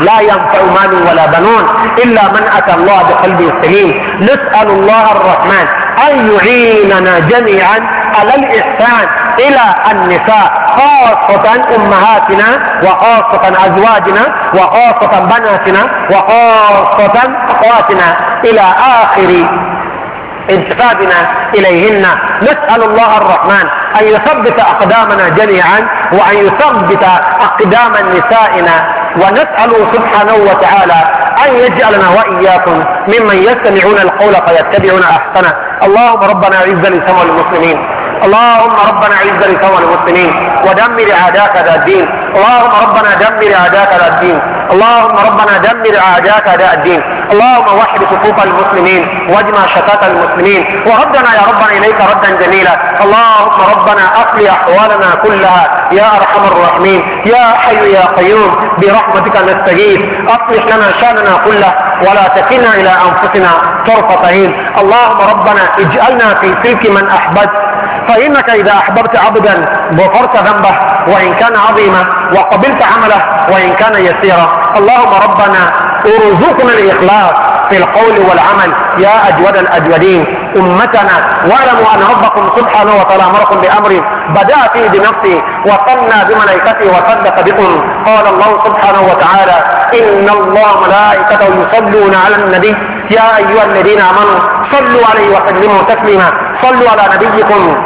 لا ينفع مال ولا بنون إلا من أتى الله بقلب سليم نسأل الله الرحمن أن يعيننا جميعا على الإحسان إلى النساء خاصة أمهاتنا وخاصة أزواجنا وخاصة بناتنا وخاصة أخواتنا إلى آخر انتقادنا إليهن نسأل الله الرحمن أن يثبت أقدامنا جميعا وأن يثبت أقدام نسائنا ونسأل سبحانه وتعالى أن يجعلنا وإياكم ممن يستمعون القول فيتبعون أحسنه اللهم ربنا أعز الإسلام والمسلمين اللهم ربنا عز لسوى والمسلمين ودمر اعداءك ذا الدين اللهم ربنا دمر اعداءك على الدين اللهم ربنا دمر اعداءك اعداء الدين اللهم وحد صفوف المسلمين واجمع شتات المسلمين وردنا يا ربنا اليك ردا جميلا اللهم ربنا اقل احوالنا كلها يا ارحم الراحمين يا حي يا قيوم برحمتك نستغيث اصلح لنا شاننا كله ولا تكلنا الى انفسنا طرفه عين اللهم ربنا اجعلنا في سلك من احببت فانك اذا احببت عبدا غفرت ذنبه وان كان عظيما وقبلت عمله وإن كان يسيرا اللهم ربنا ارزقنا الإخلاص في القول والعمل يا أجود الأجودين أمتنا واعلموا أن ربكم سبحانه وتعالى أمركم بأمر بدأ فيه بنفسه وصلنا بملائكته وصدق بكم قال الله سبحانه وتعالى إن الله ملائكته يصلون على النبي يا أيها الذين آمنوا صلوا عليه وسلموا تسليما صلوا على نبيكم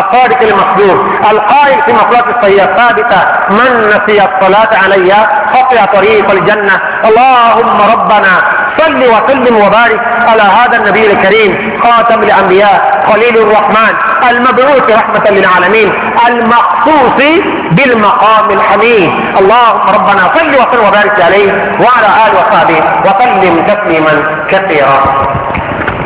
الصادق المصدوق القائل في مصلحة الصيئة ثابتة من نسي الصلاة علي قطع طريق الجنة اللهم ربنا صل وسلم وبارك على هذا النبي الكريم خاتم الأنبياء خليل الرحمن المبعوث رحمة للعالمين المخصوص بالمقام الحميد اللهم ربنا صل وسلم وبارك عليه وعلى آله وصحبه وسلم تسليما كثيرا